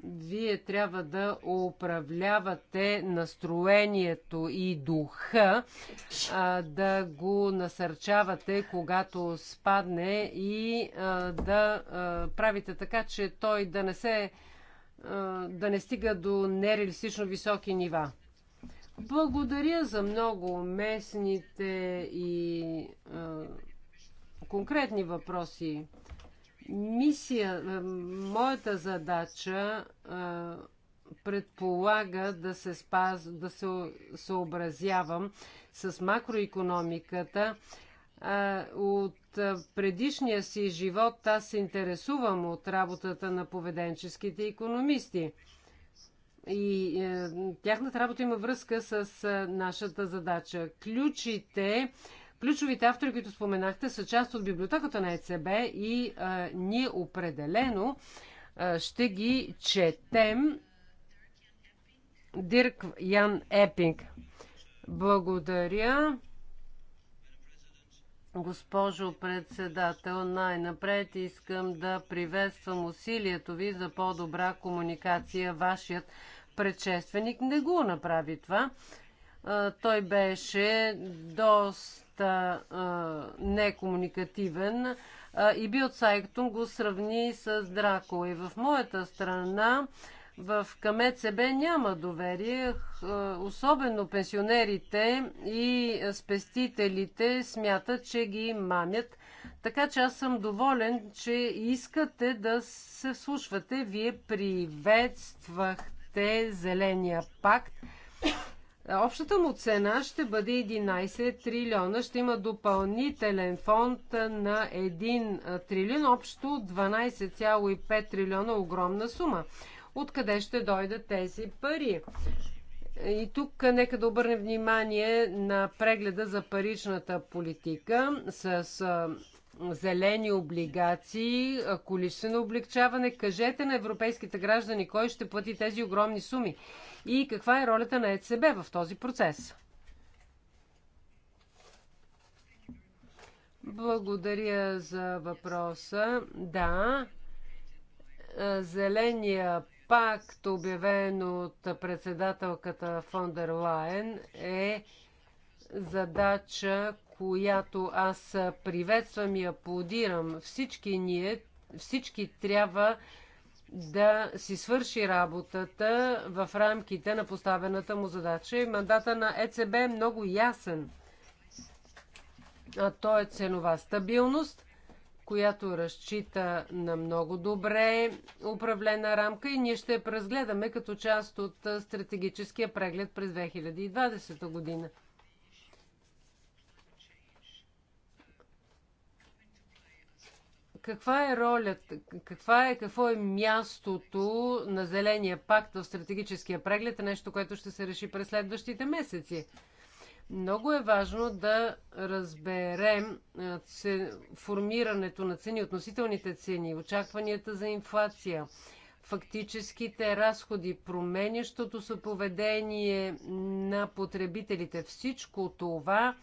вие трябва да управлявате настроението и духа, а, да го насърчавате, когато спадне и а, да а, правите така, че той да не се да не стига до нереалистично високи нива. Благодаря за много местните и конкретни въпроси мисия, е, моята задача е, предполага да се, спаз, да се съобразявам с макроекономиката. Е, от предишния си живот аз се интересувам от работата на поведенческите економисти. И е, тяхната работа има връзка с е, нашата задача. Ключите Ключовите автори, които споменахте, са част от библиотеката на ЕЦБ и а, ние определено а, ще ги четем. Дирк Ян Епинг. Благодаря. Госпожо председател, най-напред искам да приветствам усилието ви за по-добра комуникация. Вашият предшественик не го направи това. Той беше доста доста некомуникативен и Билдсайтон го сравни с Драко. И в моята страна в КМЦБ няма доверие. Особено пенсионерите и спестителите смятат, че ги мамят. Така че аз съм доволен, че искате да се вслушвате. Вие приветствахте Зеления пакт. Общата му цена ще бъде 11 трилиона. Ще има допълнителен фонд на 1 трилион, общо 12,5 трилиона, огромна сума. Откъде ще дойдат тези пари? И тук нека да обърнем внимание на прегледа за паричната политика с зелени облигации, количествено облегчаване. Кажете на европейските граждани кой ще плати тези огромни суми и каква е ролята на ЕЦБ в този процес. Благодаря за въпроса. Да, Зеления пакт, обявен от председателката Фондер Лайен, е задача, която аз приветствам и аплодирам. Всички ние, всички трябва да си свърши работата в рамките на поставената му задача. И мандата на ЕЦБ е много ясен. А то е ценова стабилност, която разчита на много добре управлена рамка и ние ще я разгледаме като част от стратегическия преглед през 2020 година. каква е ролята, каква е, какво е мястото на Зеления пакт в стратегическия преглед, е нещо, което ще се реши през следващите месеци. Много е важно да разберем формирането на цени, относителните цени, очакванията за инфлация, фактическите разходи, променящото се поведение на потребителите. Всичко това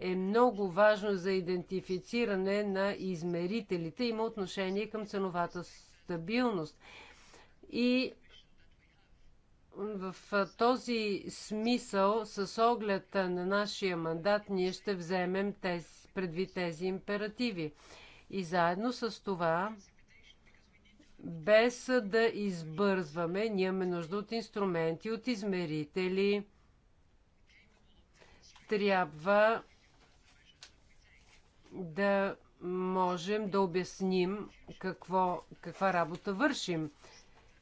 е много важно за идентифициране на измерителите. Има отношение към ценовата стабилност. И в този смисъл, с оглед на нашия мандат, ние ще вземем тези, предвид тези императиви. И заедно с това, без да избързваме, ние имаме нужда от инструменти, от измерители. Трябва да можем да обясним какво, каква работа вършим.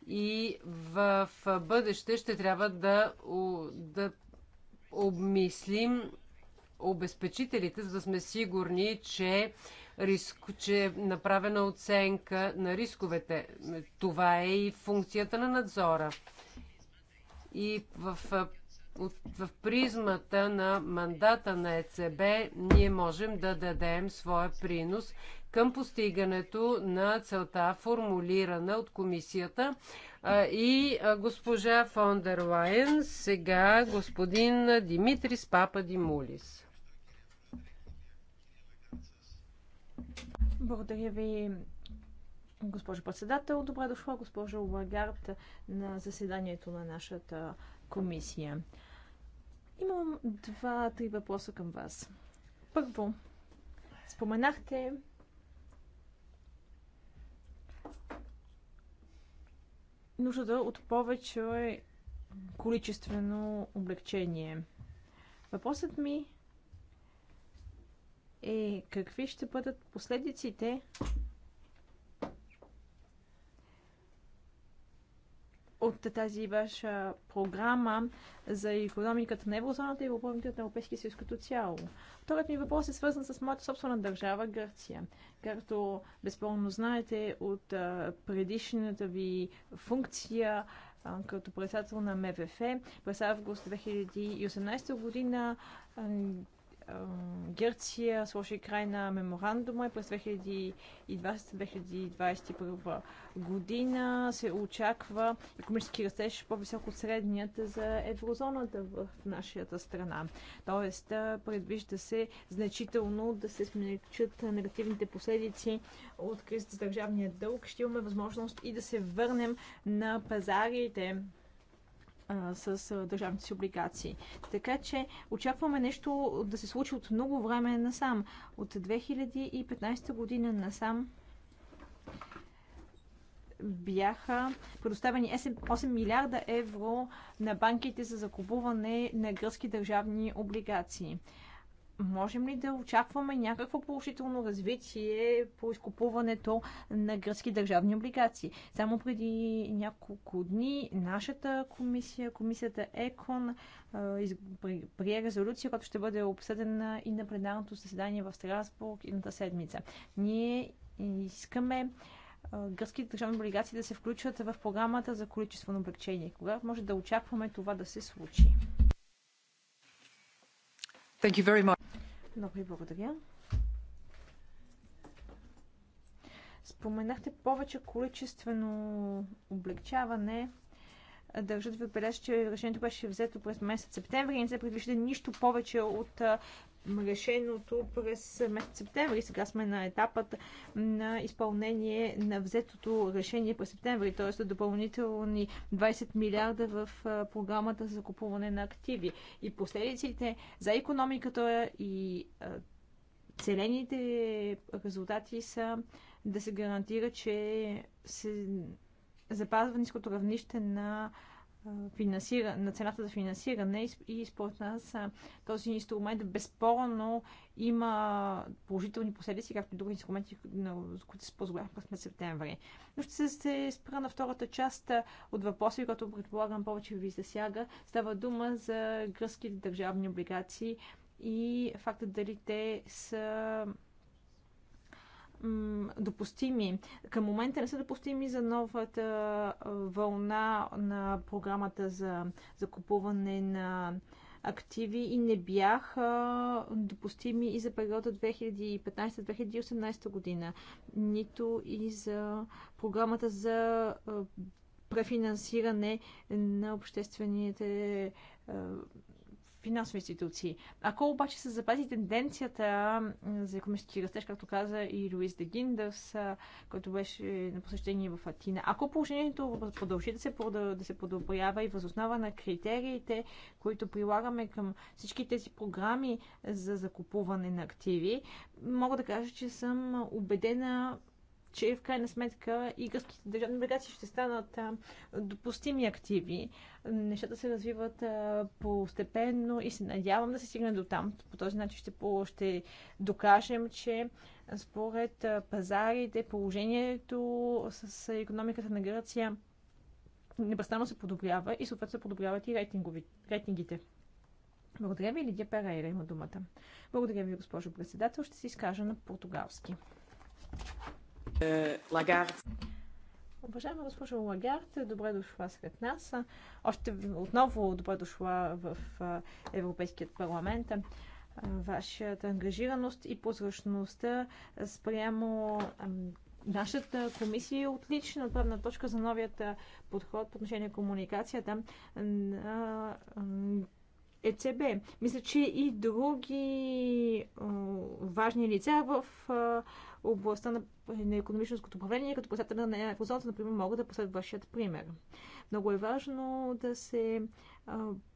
И в бъдеще ще трябва да, да обмислим обезпечителите, за да сме сигурни, че, риск, че е направена оценка на рисковете. Това е и функцията на надзора. И в в призмата на мандата на ЕЦБ ние можем да дадем своя принос към постигането на целта, формулирана от комисията. И госпожа фон дер Лайен, сега господин Димитрис Папа Димулис. Благодаря ви, госпожо председател. Добре дошла, госпожо Лагард, на заседанието на нашата комисия. Имам два-три въпроса към вас. Първо, споменахте нуждата от повече количествено облегчение. Въпросът ми е какви ще бъдат последиците от тази ваша програма за економиката на еврозоната и економиката на Европейския съюз като цяло. Вторият ми въпрос е свързан с моята собствена държава, Гърция. Както безспорно знаете от предишната ви функция като председател на МВФ, през август 2018 година Гърция сложи край на меморандума и през 2020-2021 година се очаква економически растеж по-висок от средният за еврозоната в нашата страна. Тоест, предвижда се значително да се смекчат негативните последици от кризата с държавния дълг. Ще имаме възможност и да се върнем на пазарите а, с а, държавните си облигации. Така че очакваме нещо да се случи от много време насам. От 2015 година насам бяха предоставени 8 милиарда евро на банките за закупуване на гръцки държавни облигации можем ли да очакваме някакво положително развитие по изкупуването на гръцки държавни облигации? Само преди няколко дни нашата комисия, комисията ЕКОН, прие резолюция, която ще бъде обсъдена и на пленарното заседание в Страсбург едната седмица. Ние искаме гръцки държавни облигации да се включват в програмата за количествено облегчение. Кога може да очакваме това да се случи? Thank you very much. Много ви благодаря. Споменахте повече количествено облегчаване. Държа да ви отбележа, че решението беше взето през месец септември и не се предвижда нищо повече от решеното през месец септември. Сега сме на етапът на изпълнение на взетото решение през септември, т.е. допълнителни 20 милиарда в програмата за купуване на активи. И последиците за економиката и целените резултати са да се гарантира, че се запазва ниското равнище на финансира, на цената за финансиране и според нас този инструмент безспорно има положителни последици, както и други инструменти, за които се спозволяхме през септември. Но ще се спра на втората част от въпроса, който предполагам повече ви засяга. Става дума за гръцките държавни облигации и факта дали те са допустими. Към момента не са допустими за новата вълна на програмата за закупуване на активи и не бяха допустими и за периода 2015-2018 година, нито и за програмата за префинансиране на обществените финансови институции. Ако обаче се запази тенденцията за економически растеж, както каза и Луис де Гиндърс, който беше на посещение в Атина, ако положението продължи да се, да се подобрява и възоснова на критериите, които прилагаме към всички тези програми за закупуване на активи, мога да кажа, че съм убедена че в крайна сметка и гръцките държавни облигации ще станат а, допустими активи. Нещата се развиват а, постепенно и се надявам да се стигне до там. По този начин ще, по, ще докажем, че според пазарите положението с економиката на Гърция непрестанно се подобрява и съответно се подобряват и рейтингови, рейтингите. Благодаря ви, Лидия Перейра има думата. Благодаря ви, госпожо председател. Ще се изкажа на португалски. Лагард. Уважаема госпожа Лагард, добре дошла сред нас. Още отново добре дошла в Европейският парламент. Вашата ангажираност и прозрачността спрямо нашата комисия е отлична отправна точка за новията подход по отношение на комуникацията на ЕЦБ. Мисля, че и други важни лица в областта на, на економическото управление, като председателя на еврозоната, например, мога да последва вашият пример. Много е важно да се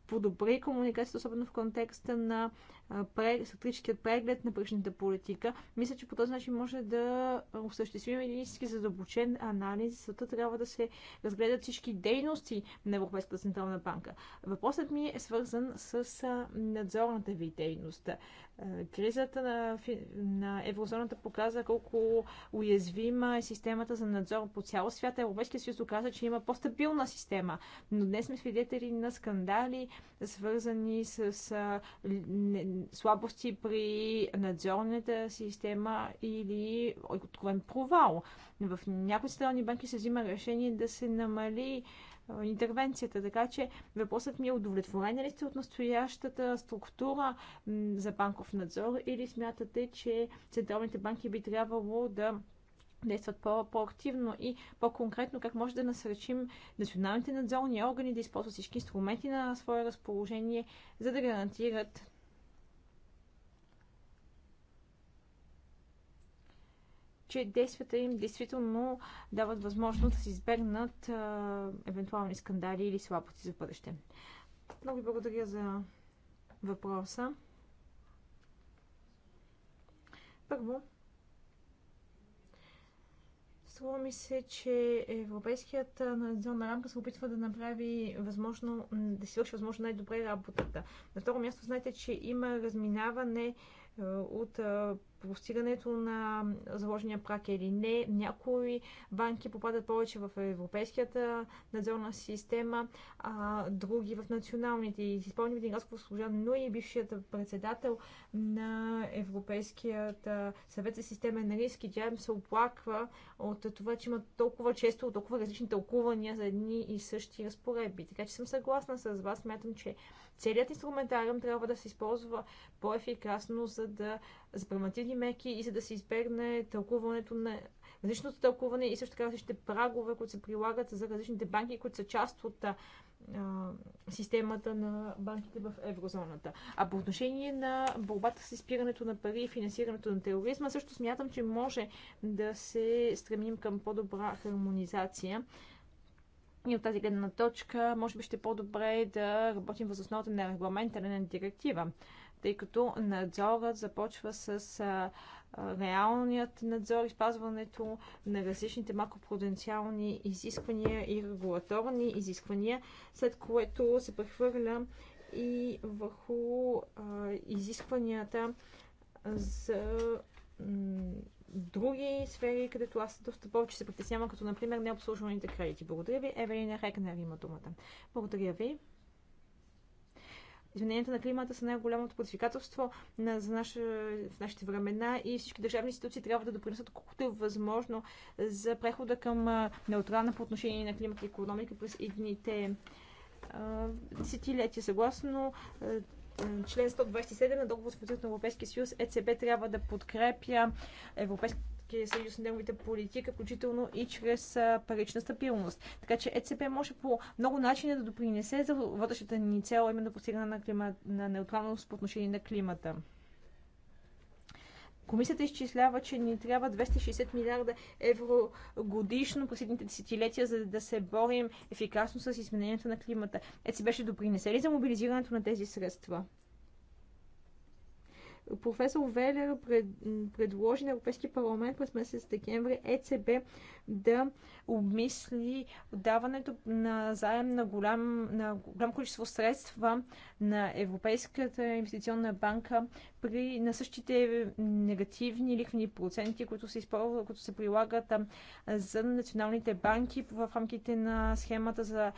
подобри комуникацията, особено в контекста на стратегическият преглед на паричната политика. Мисля, че по този начин може да осъществим един истински задълбочен анализ. Съда трябва да се разгледат всички дейности на Европейската централна банка. Въпросът ми е свързан с надзорната ви дейност. Кризата на, на еврозоната показа колко уязвима е системата за надзор по цял свят. Европейския съюз доказа, че има по-стабилна система. Но днес сме свидетели на скандали, свързани с слабости при надзорната система или откровен провал. В някои централни банки се взима решение да се намали интервенцията. Така че въпросът ми е удовлетворен ли сте от настоящата структура за банков надзор или смятате, че централните банки би трябвало да действат по-активно и по-конкретно как може да насръчим националните надзорни органи да използват всички инструменти на свое разположение, за да гарантират че действията им действително дават възможност да се избегнат а, евентуални скандали или слабости за бъдеще. Много ви благодаря за въпроса. Първо, струва ми се, че Европейският на рамка се опитва да направи възможно, да си върши възможно най-добре работата. На второ място знаете, че има разминаване от постигането на заложения прак е или не. Някои банки попадат повече в европейската надзорна система, а други в националните. И си спомням един разговор с но и бившият председател на Европейският съвет за системен на риски, тя им се оплаква от това, че има толкова често, толкова различни тълкувания за едни и същи разпоредби. Така че съм съгласна с вас. Смятам, че Целият инструментариум трябва да се използва по-ефикасно, за да за превентивни мерки и за да се избегне тълкуването на различното тълкуване и също така различните прагове, които се прилагат за различните банки, които са част от системата на банките в еврозоната. А по отношение на борбата с изпирането на пари и финансирането на тероризма, също смятам, че може да се стремим към по-добра хармонизация. И от тази гледна точка, може би ще е по-добре да работим въз основата на регламента, а не на директива, тъй като надзорът започва с а, реалният надзор изпазването на различните макропруденциални изисквания и регулаторни изисквания, след което се прехвърля и върху а, изискванията за други сфери, където аз доста повече се притеснявам, като например необслужваните кредити. Благодаря ви. Евелина Рекнер има думата. Благодаря ви. Измененията на климата са най-голямото предизвикателство на, за в нашите времена и всички държавни институции трябва да допринесат колкото е възможно за прехода към неутрална по отношение на климата и економика през едните десетилетия. Съгласно член 127 на договор с на Европейския съюз, ЕЦБ трябва да подкрепя Европейския съюз на неговите политика, включително и чрез парична стабилност. Така че ЕЦП може по много начини да допринесе за водещата ни цел, именно постигане на, на неутралност по отношение на климата. Комисията изчислява, че ни трябва 260 милиарда евро годишно през следните десетилетия, за да се борим ефикасно с изменението на климата. Ето си беше допринесели за мобилизирането на тези средства? Професор Велер пред, предложи на Европейския парламент през месец декември ЕЦБ да обмисли даването на заем на голям, на голям количество средства на Европейската инвестиционна банка при, на същите негативни лихвени проценти, които се, използват, които се прилагат за националните банки в рамките на схемата за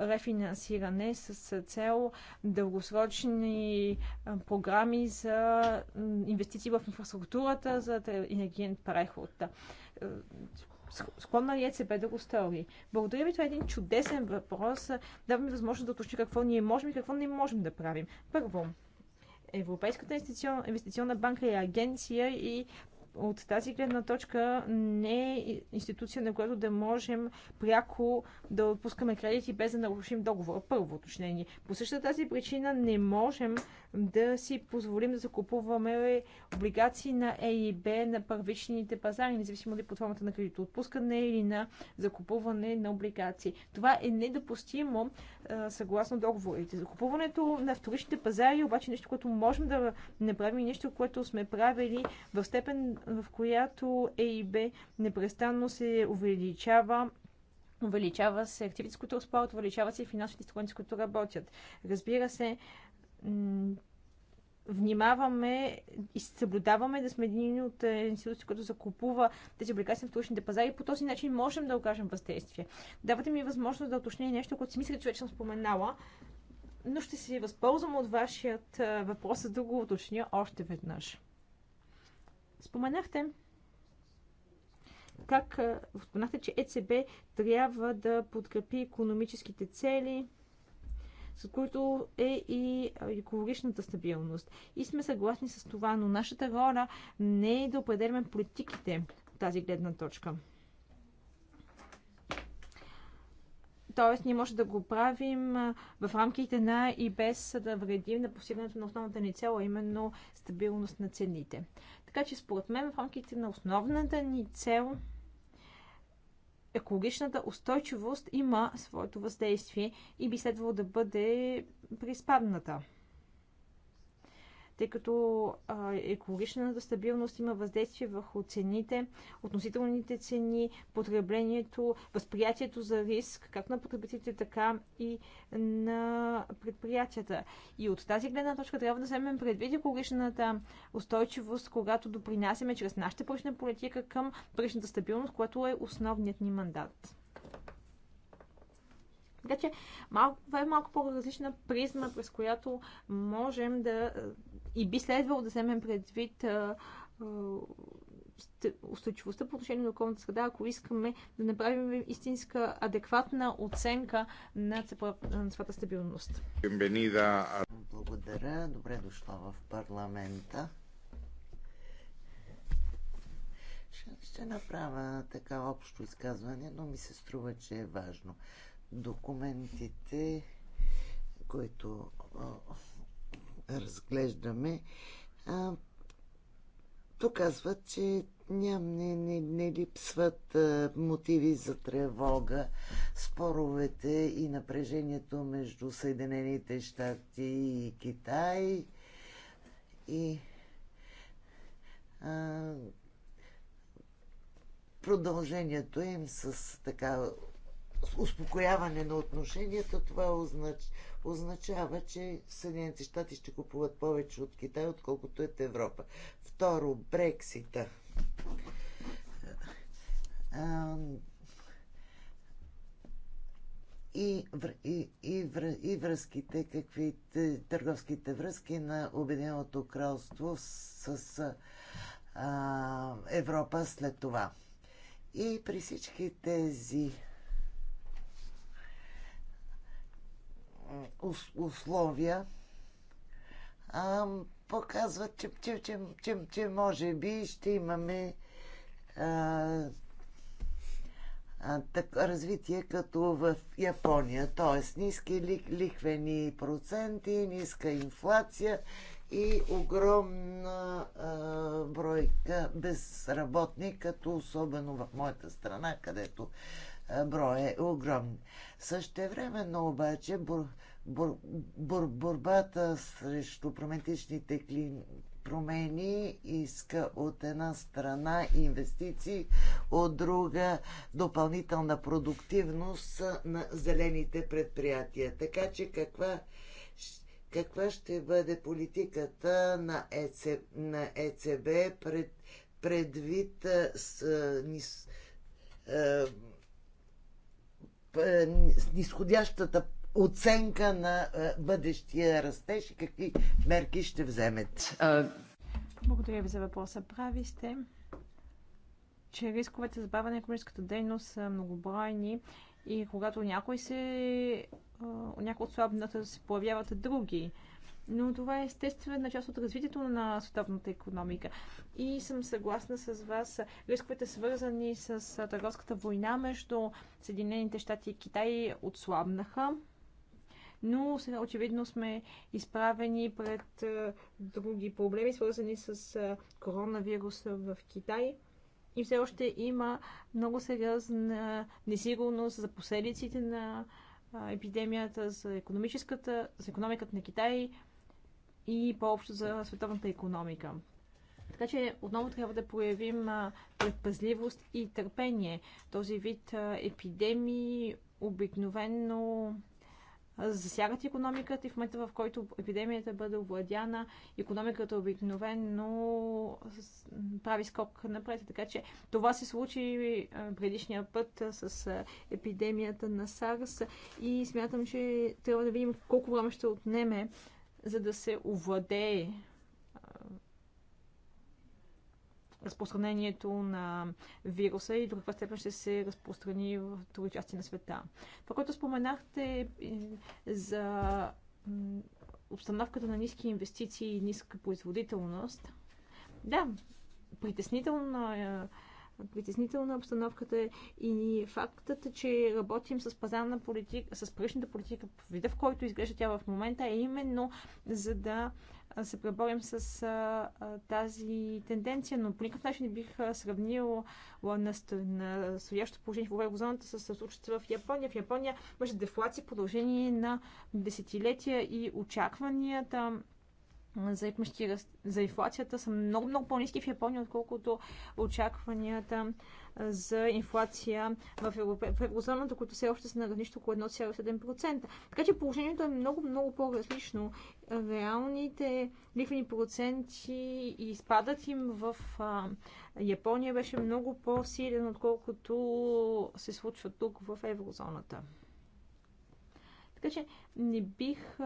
рефинансиране с цел дългосрочни програми за инвестиции в инфраструктурата, за енергиен преход склонна ли ЕЦБ да го стори? Благодаря ви, това е един чудесен въпрос. Дава ми възможност да уточня какво ние можем и какво не можем да правим. Първо, Европейската инвестиционна банка е агенция и от тази гледна точка не е институция, на която да можем пряко да отпускаме кредити без да нарушим договора. Първо уточнение. По същата тази причина не можем да си позволим да закупуваме облигации на ЕИБ на първичните пазари, независимо ли под формата на кредитоотпускане или на закупуване на облигации. Това е недопустимо съгласно договорите. Закупуването на вторичните пазари е обаче нещо, което можем да направим и нещо, което сме правили в степен в която ЕИБ непрестанно се увеличава увеличава се активите, с увеличава се и финансовите инструменти, с които работят. Разбира се, внимаваме и съблюдаваме да сме един от е, институции, които закупува тези облигации на вторичните пазари и по този начин можем да окажем въздействие. Давате ми възможност да уточня нещо, което си мисля, че вече съм споменала, но ще се възползвам от вашият е, въпрос, за да го уточня още веднъж. Споменахте, как споменахте, че ЕЦБ трябва да подкрепи економическите цели, с които е и екологичната стабилност. И сме съгласни с това, но нашата роля не е да определяме политиките от тази гледна точка. Тоест, ние може да го правим в рамките на и без да вредим на постигането на основната ни цел, а именно стабилност на цените. Така че според мен в рамките на основната ни цел екологичната устойчивост има своето въздействие и би следвало да бъде приспадната тъй като екологичната стабилност има въздействие върху цените, относителните цени, потреблението, възприятието за риск, както на потребителите, така и на предприятията. И от тази гледна точка трябва да вземем предвид екологичната устойчивост, когато допринасяме чрез нашата пръчна политика към пръчната стабилност, която е основният ни мандат. Така че малко, това е малко по-различна призма, през която можем да и би следвало да вземем предвид устойчивостта по отношение на околната среда, ако искаме да направим истинска адекватна оценка на цепата стабилност. Благодаря. Добре дошла в парламента. Ще, ще направя така общо изказване, но ми се струва, че е важно документите, които разглеждаме, показват, че ням, не, не, не липсват а, мотиви за тревога. Споровете и напрежението между Съединените щати и Китай и а, продължението им с така успокояване на отношенията, това означ... означава, че Съединените щати ще купуват повече от Китай, отколкото от е Европа. Второ, Брексита. И, и, и, и връзките, какви търговските връзки на Обединеното кралство с, с а, Европа след това. И при всички тези условия а, показват, че, че, че, че, че може би ще имаме а, а, так, развитие като в Япония, т.е. ниски лихвени проценти, ниска инфлация и огромна а, бройка безработни, като особено в моята страна, където а, броя е огромен. Същевременно обаче бор, бор, бор, борбата срещу прометичните промени иска от една страна инвестиции, от друга допълнителна продуктивност на зелените предприятия. Така че каква каква ще бъде политиката на, ЕЦ, на ЕЦБ пред, предвид с, нис, е, нисходящата оценка на бъдещия растеж и какви мерки ще вземете? Благодаря ви за въпроса. Прави сте, че рисковете за забавяне на економическата дейност са многобройни и когато някой се. някой слабната се появяват други. Но това е естествена част от развитието на световната економика. И съм съгласна с вас. Рисковете, свързани с търговската война между Съединените щати и Китай, отслабнаха но сега очевидно сме изправени пред други проблеми, свързани с коронавируса в Китай и все още има много сериозна несигурност за последиците на епидемията, за, економическата, за економиката на Китай и по-общо за световната економика. Така че отново трябва да проявим предпазливост и търпение. Този вид епидемии обикновенно засягат економиката и в момента, в който епидемията бъде овладяна, економиката обикновено прави скок напред. Така че това се случи предишния път с епидемията на САРС, и смятам, че трябва да видим колко време ще отнеме, за да се овладее разпространението на вируса и до каква степен ще се разпространи в други части на света. Това, което споменахте е, е, за обстановката на ниски инвестиции и ниска производителност. Да, притеснителна е, притеснителна обстановката е и фактът, че работим с пазарна политика, с паричната политика, вида в който изглежда тя в момента, е именно за да се преборим с а, тази тенденция, но по никакъв начин не бих сравнил на на положение в еврозоната с случаята в Япония. В Япония беше дефлация продължение на десетилетия и очакванията за, за инфлацията са много, много по-низки в Япония, отколкото очакванията за инфлация в, Европе, в еврозоната, които все още са на равнище около 1,7%. Така че положението е много, много по-различно. Реалните лихвени проценти и спадът им в а, Япония беше много по-силен, отколкото се случва тук в еврозоната. Така че не бих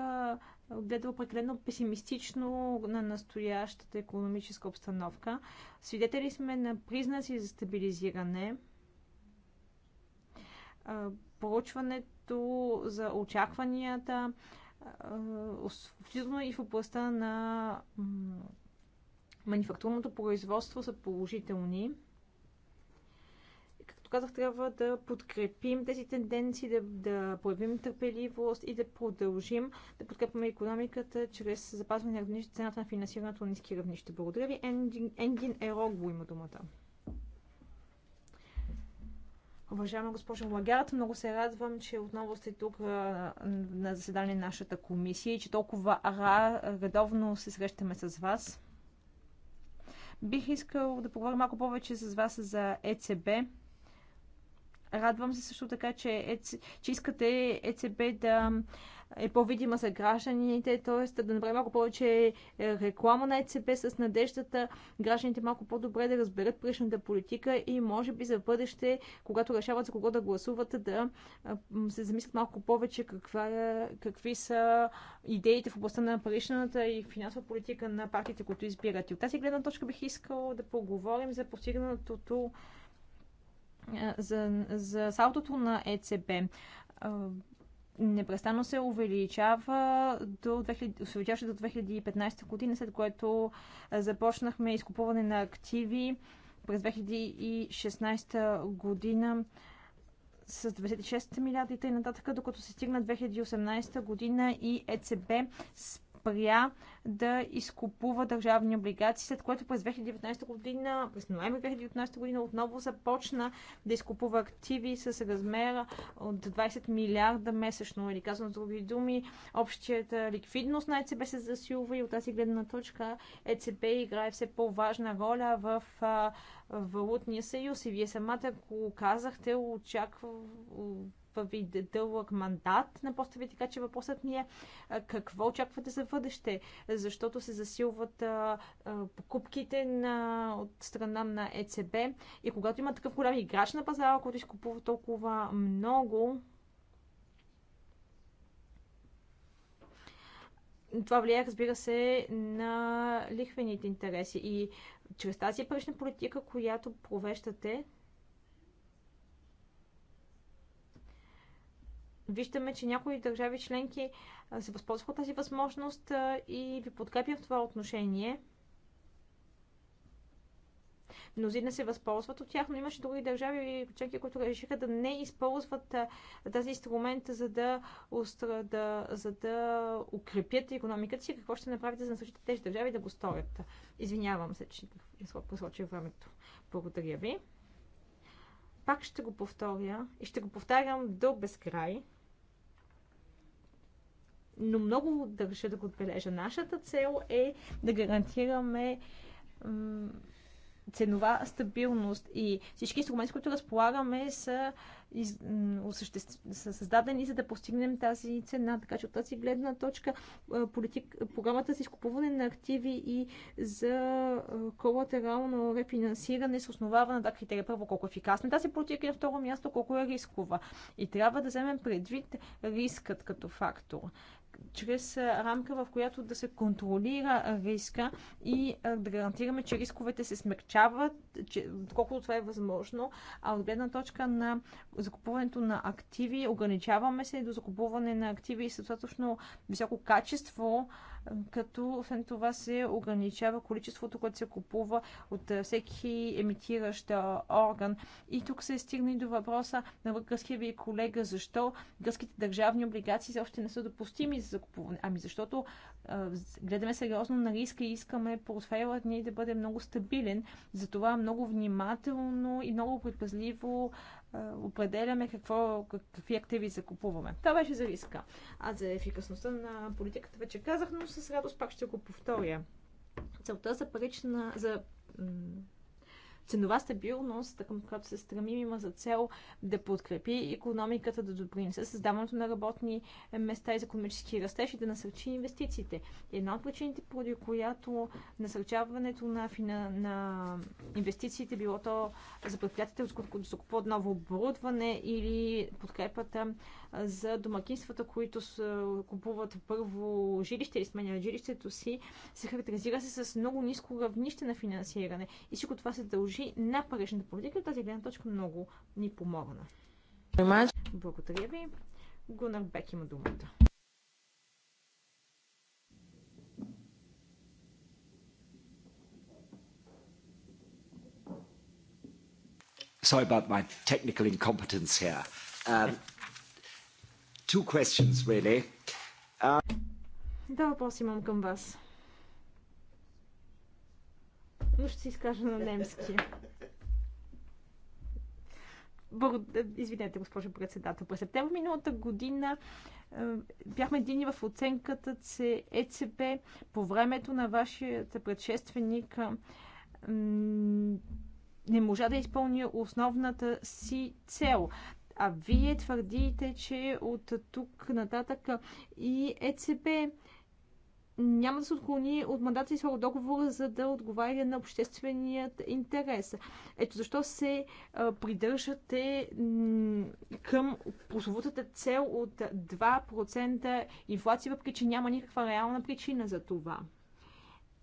гледал прекалено песимистично на настоящата економическа обстановка. Свидетели сме на признаци за стабилизиране. Проучването за очакванията, включително и в областта на манифактурното производство, са положителни. Както казах, трябва да подкрепим тези тенденции, да, да проявим търпеливост и да продължим да подкрепяме економиката чрез запазване на цената на финансирането на ниски равнища. Благодаря ви. Енгин Енджин Ерогло има думата. Уважаема госпожо Лагард, много се радвам, че отново сте тук на заседание на нашата комисия и че толкова редовно се срещаме с вас. Бих искал да поговорим малко повече с вас за ЕЦБ. Радвам се също така, че, ЕЦ, че искате ЕЦБ да е по-видима за гражданите, т.е. да направим малко повече е, реклама на ЕЦБ с надеждата гражданите малко по-добре да разберат приличната политика и може би за бъдеще, когато решават за кого да гласуват, да се замислят малко повече каква, какви са идеите в областта на паричната и финансова политика на партиите, които избират. И от тази гледна точка бих искала да поговорим за постигнатото е, за, за салтото на ЕЦБ е, непрестанно се увеличава до 2000, увеличаваше до 2015 година, след което е, започнахме изкупуване на активи през 2016 година с 96 милиарда и т.н., докато се стигна 2018 година и ЕЦБ спря да изкупува държавни облигации, след което през 2019 година, през ноември 2019 година отново започна да изкупува активи с размера от 20 милиарда месечно. Или казвам, с други думи, общията ликвидност на ЕЦБ се засилва и от тази гледна точка ЕЦБ играе все по-важна роля в валутния съюз. И вие самата ако казахте, очаква вид дълъг мандат на поста ви, така че въпросът ми е какво очаквате за бъдеще, защото се засилват а, а, покупките на, от страна на ЕЦБ и когато има такъв голям играч на пазара, който изкупува толкова много, това влияе, разбира се, на лихвените интереси. И чрез тази парична политика, която провеждате, виждаме, че някои държави членки се възползваха от тази възможност и ви подкрепям в това отношение. Мнозина се възползват от тях, но имаше други държави и членки, които решиха да не използват тази инструмент, за да, остра, да, за да укрепят економиката си. Какво ще направите за насочите тези държави да го сторят? Извинявам се, че просрочих времето. Благодаря ви. Пак ще го повторя и ще го повтарям до безкрай но много държа да го отбележа. Нашата цел е да гарантираме ценова стабилност и всички инструменти, които разполагаме, са, из, осъществ... са създадени за да постигнем тази цена. Така че от тази гледна точка политик... програмата за изкупуване на активи и за колатерално рефинансиране се основава на два критерия. Първо, колко ефикасна е тази политика и на второ място, колко е рискова. И трябва да вземем предвид рискът като фактор чрез рамка, в която да се контролира риска и да гарантираме, че рисковете се смягчават, колкото това е възможно. А от гледна точка на закупуването на активи, ограничаваме се до закупуване на активи с достатъчно високо качество, като освен това се ограничава количеството, което се купува от всеки емитиращ орган. И тук се стигна и до въпроса на гръцкия ви колега, защо гръцките държавни облигации още не са допустими за закупуване. Ами защото гледаме сериозно на риска и искаме портфейлът ни да бъде много стабилен. Затова много внимателно и много предпазливо определяме какво, какви активи закупуваме. Това беше за риска. А за ефикасността на политиката вече казах, но с радост пак ще го повторя. Целта за парична, за ценова стабилност, към която се стремим, има за цел да подкрепи економиката, да допринесе създаването на работни места и за економически растеж и да насърчи инвестициите. Една от причините, поради която насърчаването на, на, на инвестициите, било то за предприятията, които ново оборудване или подкрепата за домакинствата, които са, купуват първо жилище или сменят жилището си, се характеризира се с много ниско равнище на финансиране. И всичко това се дължи на парижната политика. Тази гледна точка много ни помогна. Благодаря ви. Гунар Бек има думата. Sorry about my technical incompetence here. Um, two questions, really. Да, въпрос имам към вас. Но ще си изкажа на немски. Е, извинете, госпожо председател. През септември миналата година е, бяхме едини в оценката ЕЦБ е по времето на вашия предшественик не можа да изпълни основната си цел. А вие твърдите, че от тук нататък и ЕЦБ няма да се отклони от мандата и своя договора, за да отговаря на общественият интерес. Ето защо се а, придържате към прословутата цел от 2% инфлация, въпреки че няма никаква реална причина за това.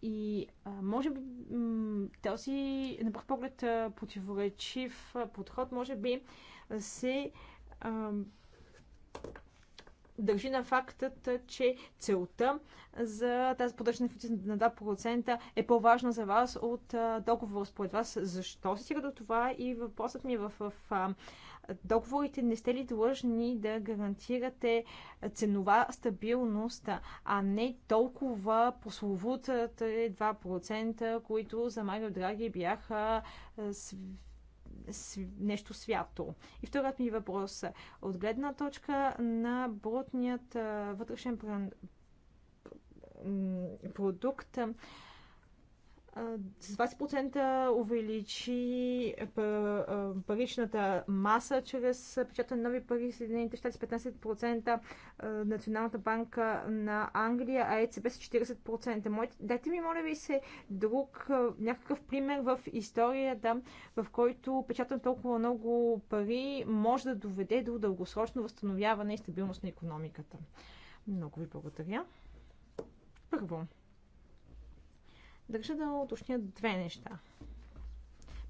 И а, може би този, на първ поглед, противоречив подход, може би се а, държи на фактът, че целта за тази поддържане на 2% е по-важна за вас от договора според вас. Защо се стига до това? И въпросът ми е в, в, в договорите не сте ли длъжни да гарантирате ценова стабилност, а не толкова прословутата 2%, е които за Марио Драги бяха нещо свято. И вторият ми въпрос. От гледна точка на брутният вътрешен продукт, с 20% увеличи е, паричната маса чрез печатане на нови пари в Съединените щати с 15%, Националната банка на Англия, а ЕЦБ с 40%. дайте ми, моля ви се, друг някакъв пример в историята, в който печатан толкова много пари може да доведе до дългосрочно възстановяване и стабилност на економиката. Много ви благодаря. Първо, Държа да уточня две неща.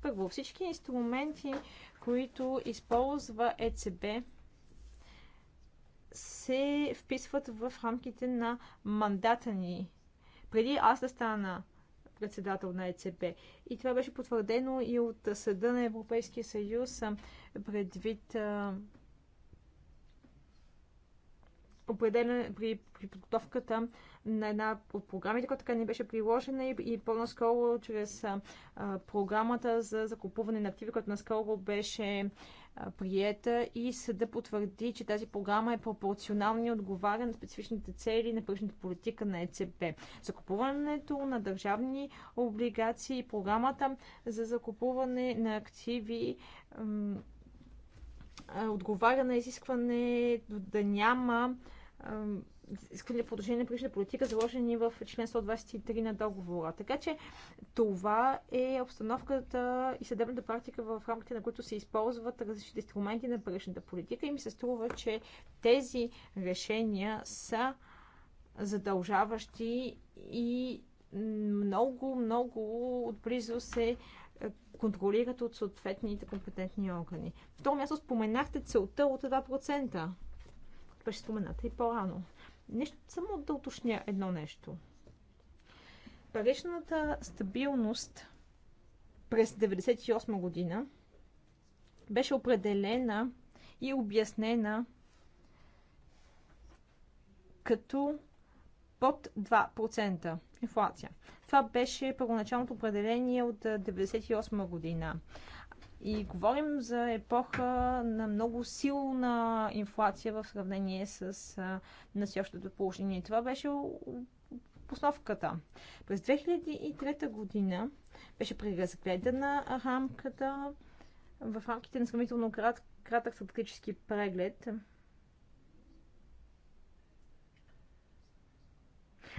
Първо, всички инструменти, които използва ЕЦБ, се вписват в рамките на мандата ни. Преди аз да стана председател на ЕЦБ. И това беше потвърдено и от Съда на Европейския съюз предвид определен при, при подготовката на една от програмите, която така не беше приложена и, и по-наскоро чрез а, програмата за закупуване на активи, която наскоро беше а, приета и съда потвърди, че тази програма е пропорционална и отговаря на специфичните цели на първичната политика на ЕЦБ. Закупуването на държавни облигации и програмата за закупуване на активи отговаря на изискване да няма искания по отношение на прилична политика, заложени в член 123 на договора. Така че това е обстановката и съдебната практика в рамките на които се използват различните инструменти на паричната политика и ми се струва, че тези решения са задължаващи и много, много отблизо се е, контролират от съответните компетентни органи. В това място споменахте целта от 2% беше спомената и по-рано. Нещо, само да уточня едно нещо. Паричната стабилност през 1998 година беше определена и обяснена като под 2% инфлация. Това беше първоначалното определение от 1998 година. И говорим за епоха на много силна инфлация в сравнение с насиващото положение. това беше основката. През 2003 година беше преразгледана рамката в рамките на сравнително крат, кратък стратегически преглед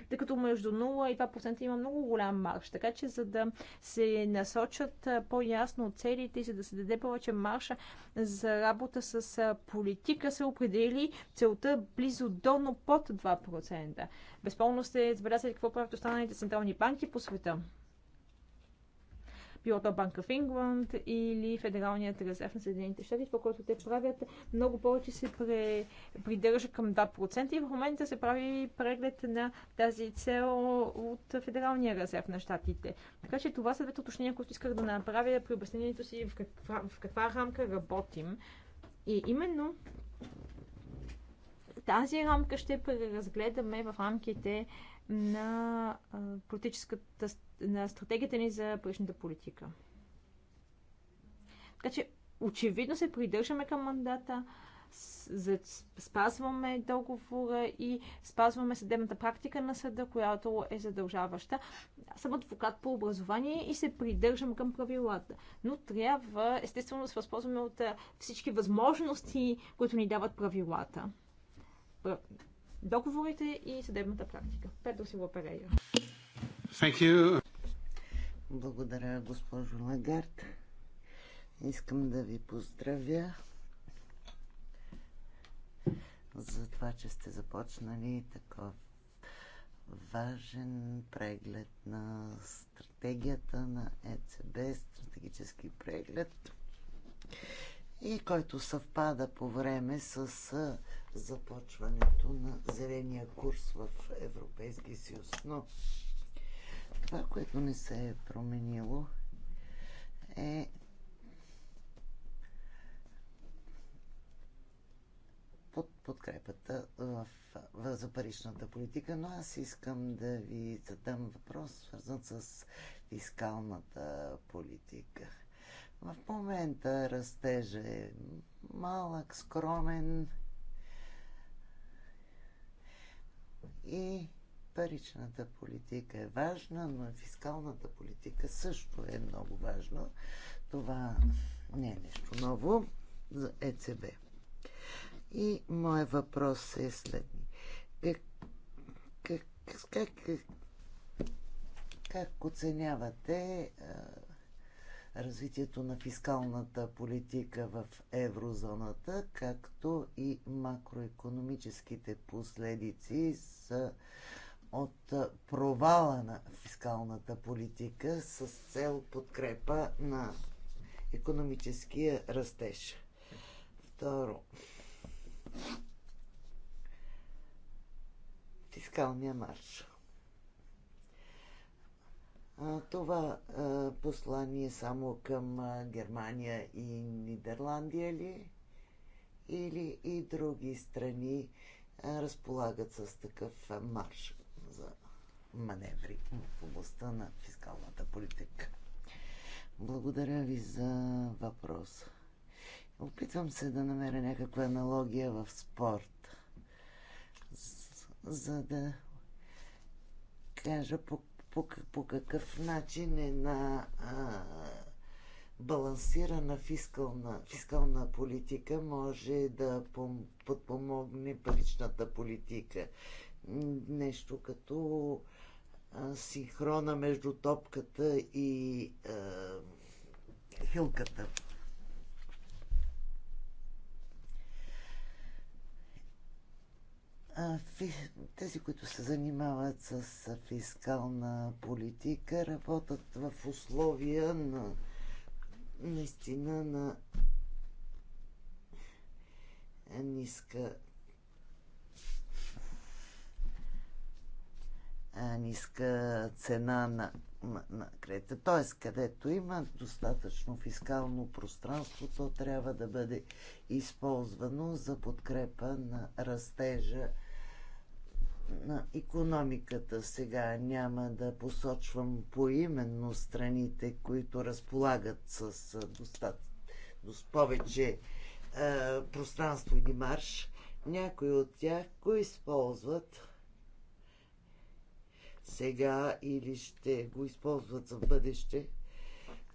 тъй като между 0 и 2% има много голям марш. Така че за да се насочат по-ясно целите и за да се даде повече марша за работа с политика, се определи целта близо до, но под 2%. Безпълно сте забелязали какво правят останалите централни банки по света било то Банка в Ингланд или Федералният резерв на Съединените щати, това, което те правят, много повече се пре, придържа към 2% и в момента се прави преглед на тази цел от Федералния резерв на щатите. Така че това са двете уточнения, които исках да направя при обяснението си в каква, в каква рамка работим. И именно тази рамка ще преразгледаме в рамките на политическата, на стратегията ни за паричната политика. Така че, очевидно се придържаме към мандата, спазваме договора и спазваме съдебната практика на съда, която е задължаваща. Аз съм адвокат по образование и се придържам към правилата. Но трябва, естествено, да се възползваме от всички възможности, които ни дават правилата договорите и съдебната практика. Петро Сила Перейра. Благодаря, госпожо Лагард. Искам да ви поздравя за това, че сте започнали такъв важен преглед на стратегията на ЕЦБ, стратегически преглед, и който съвпада по време с започването на зеления курс в Европейския съюз. Но това, което не се е променило, е под подкрепата в, в, за паричната политика, но аз искам да ви задам въпрос, свързан с фискалната политика. В момента растеже малък, скромен, И паричната политика е важна, но и фискалната политика също е много важна. Това не е нещо ново за ЕЦБ. И моят въпрос е следни. Как, как, как, как оценявате развитието на фискалната политика в еврозоната, както и макроекономическите последици са от провала на фискалната политика с цел подкрепа на економическия растеж. Второ, фискалния марш. Това послание само към Германия и Нидерландия ли? Или и други страни разполагат с такъв марш за маневри в областта на фискалната политика? Благодаря ви за въпроса. Опитвам се да намеря някаква аналогия в спорт, за да кажа по по, по какъв начин е на а, балансирана фискална, фискална политика може да пом, подпомогне паричната политика. Нещо като а, синхрона между топката и а, хилката. тези, които се занимават с фискална политика, работят в условия на наистина на ниска ниска цена на, на, на крета. Т.е. където има достатъчно фискално пространство, то трябва да бъде използвано за подкрепа на растежа на економиката. Сега няма да посочвам поименно страните, които разполагат с, доста, с повече е, пространство или марш. Някои от тях го използват сега или ще го използват за бъдеще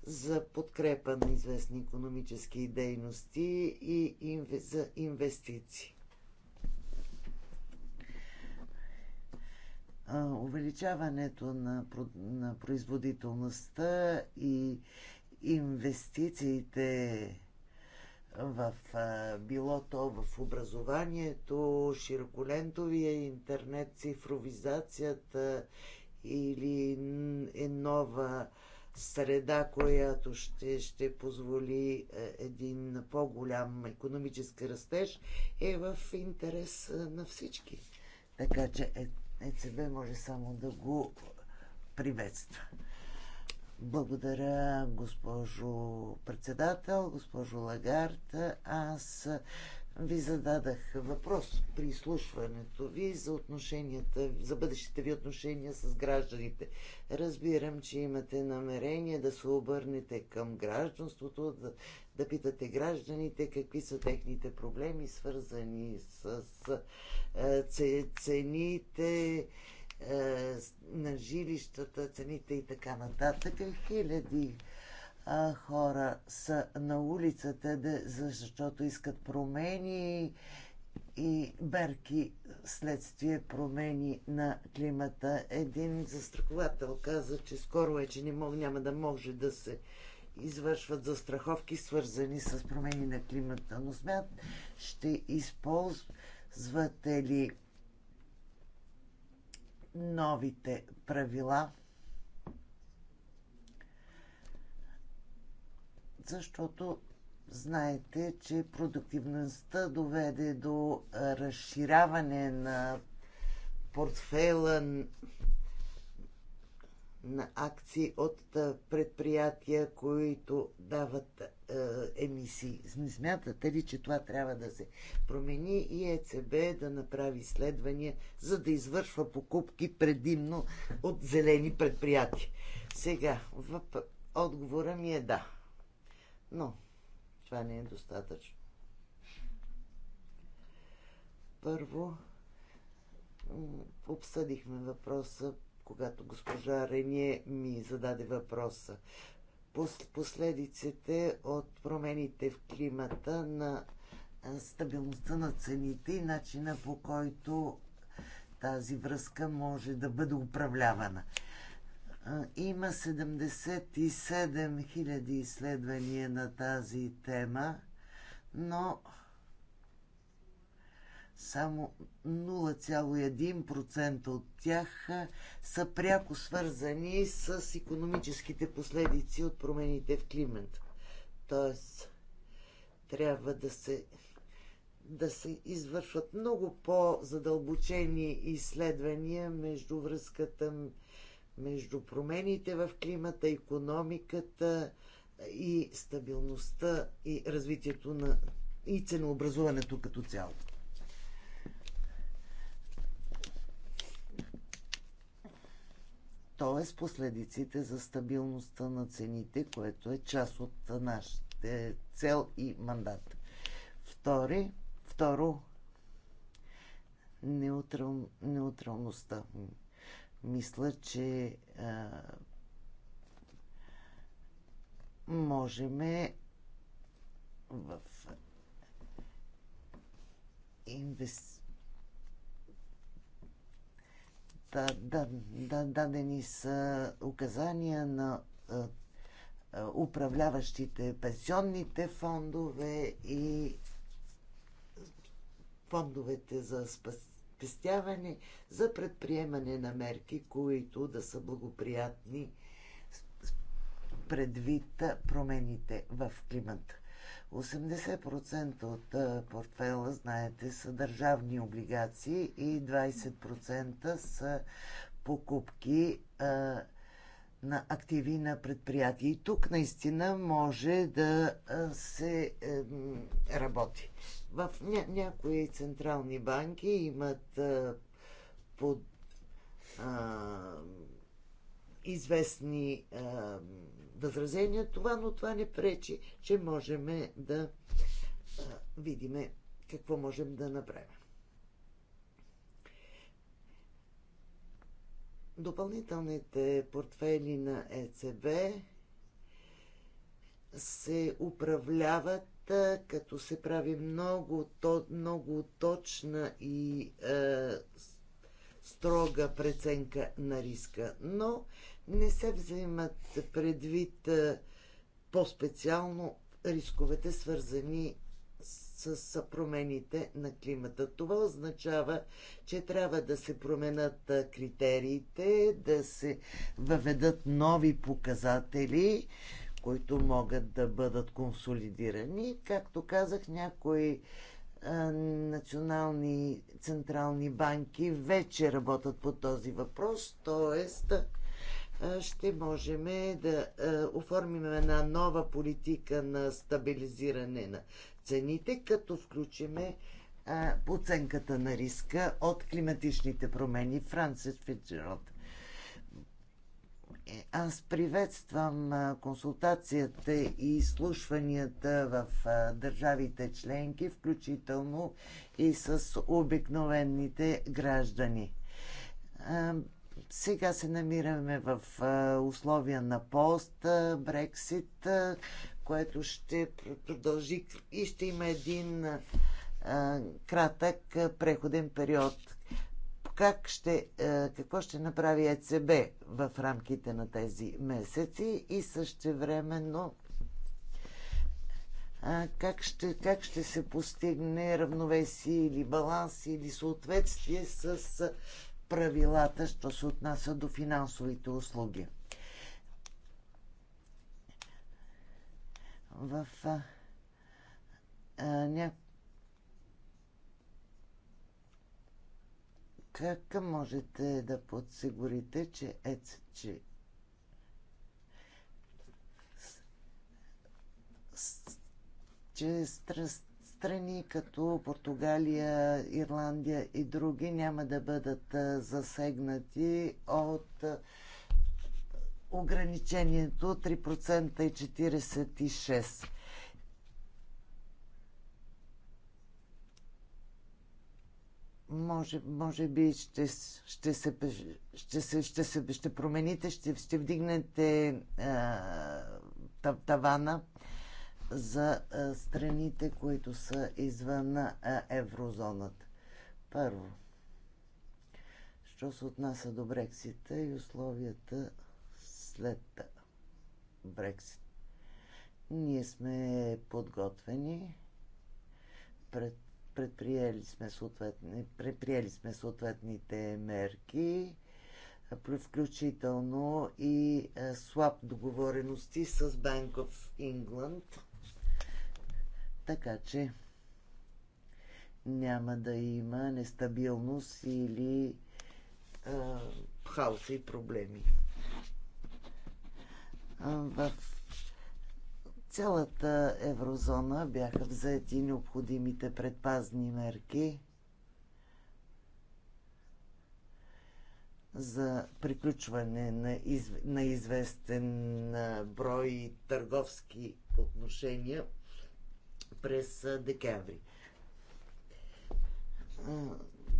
за подкрепа на известни економически дейности и инв... за инвестиции. увеличаването на, на производителността и инвестициите в било то в образованието, широколентовия интернет, цифровизацията или е нова среда, която ще, ще позволи е, един по-голям економически растеж, е в интерес е, на всички. Така че е, ЕЦБ може само да го приветства. Благодаря, госпожо председател, госпожо Лагард. Аз ви зададах въпрос при изслушването ви за отношенията, за бъдещите ви отношения с гражданите. Разбирам, че имате намерение да се обърнете към гражданството, да, да питате гражданите какви са техните проблеми, свързани с е, цените е, на жилищата, цените и така нататък. Хиляди хора са на улицата, защото искат промени и мерки следствие промени на климата. Един застраховател каза, че скоро е, че не мог, няма да може да се извършват застраховки, свързани с промени на климата. Но смят, ще използвате ли новите правила? Защото знаете, че продуктивността доведе до разширяване на портфела на акции от предприятия, които дават е, емисии. Не смятате ли, че това трябва да се промени и ЕЦБ да направи изследвания, за да извършва покупки предимно от зелени предприятия? Сега, въп... отговора ми е да. Но това не е достатъчно. Първо, обсъдихме въпроса когато госпожа Рене ми зададе въпроса. Последиците от промените в климата на стабилността на цените и начина по който тази връзка може да бъде управлявана. Има 77 000 изследвания на тази тема, но само 0,1% от тях са пряко свързани с економическите последици от промените в климата. Тоест, трябва да се, да се извършват много по-задълбочени изследвания между връзката между промените в климата, економиката и стабилността и развитието на и ценообразуването като цяло. т.е. последиците за стабилността на цените, което е част от нашите цел и мандат. Втори, второ, неутрал, неутралността. Мисля, че а, можеме в инвестиции да, да, дадени са указания на управляващите пенсионните фондове и фондовете за спестяване за предприемане на мерки, които да са благоприятни предвид промените в климата. 80% от портфела, знаете, са държавни облигации и 20% са покупки а, на активи на предприятия. И тук наистина може да се а, работи. В ня- някои централни банки имат а, под. А, известни а, възразения това, но това не пречи, че можем да а, видим какво можем да направим. Допълнителните портфели на ЕЦБ се управляват като се прави много, то, много точна и е, строга преценка на риска. Но не се взимат предвид по-специално рисковете, свързани с промените на климата. Това означава, че трябва да се променят критериите, да се въведат нови показатели, които могат да бъдат консолидирани. Както казах, някои национални централни банки вече работят по този въпрос, т.е ще можем е, да оформим една нова политика на стабилизиране на цените, като включиме оценката на риска от климатичните промени. Франсис Фиджералд. Е, аз приветствам консултацията и изслушванията в държавите членки, включително и с обикновените граждани. Сега се намираме в условия на пост, Брексит, което ще продължи и ще има един кратък преходен период. Как ще, какво ще направи ЕЦБ в рамките на тези месеци и същевременно как ще, как ще се постигне равновесие или баланс или съответствие с правилата, що се отнася до финансовите услуги. В а, а, ня... Как можете да подсигурите, че, ец, че че страни като Португалия, Ирландия и други няма да бъдат засегнати от ограничението 3% и 46%. може, може би ще, ще, се, ще, се, ще, се, ще промените, ще, ще вдигнете а, тавана за страните, които са извън еврозоната. Първо, що се отнася до Брексита и условията след Брексит. Ние сме подготвени, пред, предприели, сме съответни, предприели сме съответните мерки, включително и слаб договорености с Bank of England – така че няма да има нестабилност или хаоса и проблеми. в цялата еврозона бяха взети необходимите предпазни мерки за приключване на, изв... на известен брой търговски отношения през декември.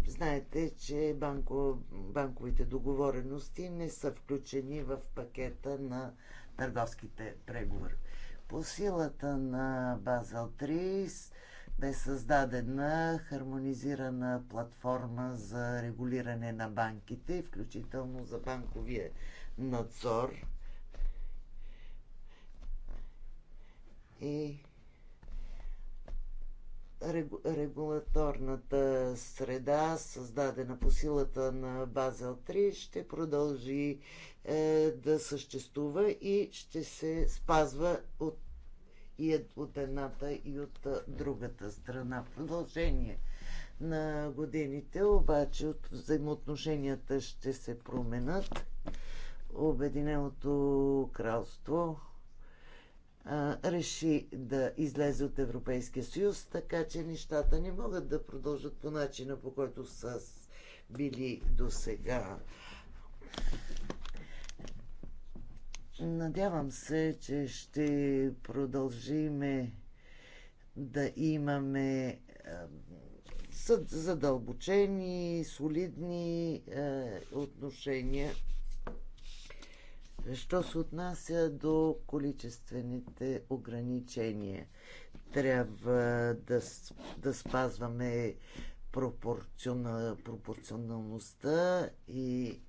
Знаете, че банко, банковите договорености не са включени в пакета на търговските преговори. По силата на Базел 3 бе създадена хармонизирана платформа за регулиране на банките, включително за банковия надзор. И регулаторната среда, създадена по силата на Базел 3, ще продължи е, да съществува и ще се спазва от, и е, от едната и от е, другата страна. Продължение на годините, обаче от взаимоотношенията ще се променят. Обединеното кралство реши да излезе от Европейския съюз, така че нещата не могат да продължат по начина, по който са били до сега. Надявам се, че ще продължиме да имаме задълбочени, солидни отношения Що се отнася до количествените ограничения, трябва да, да спазваме пропорциона, пропорционалността и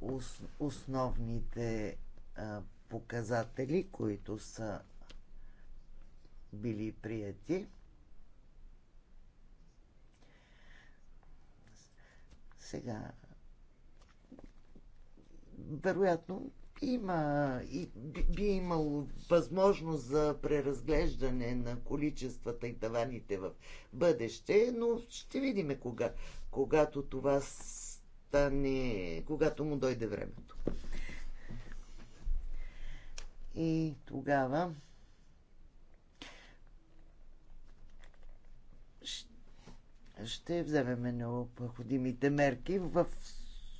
ос, основните а, показатели, които са били прияти. Сега, вероятно, има и би имало възможност за преразглеждане на количествата и таваните в бъдеще, но ще видиме кога, когато това стане, когато му дойде времето. И тогава ще вземем необходимите мерки в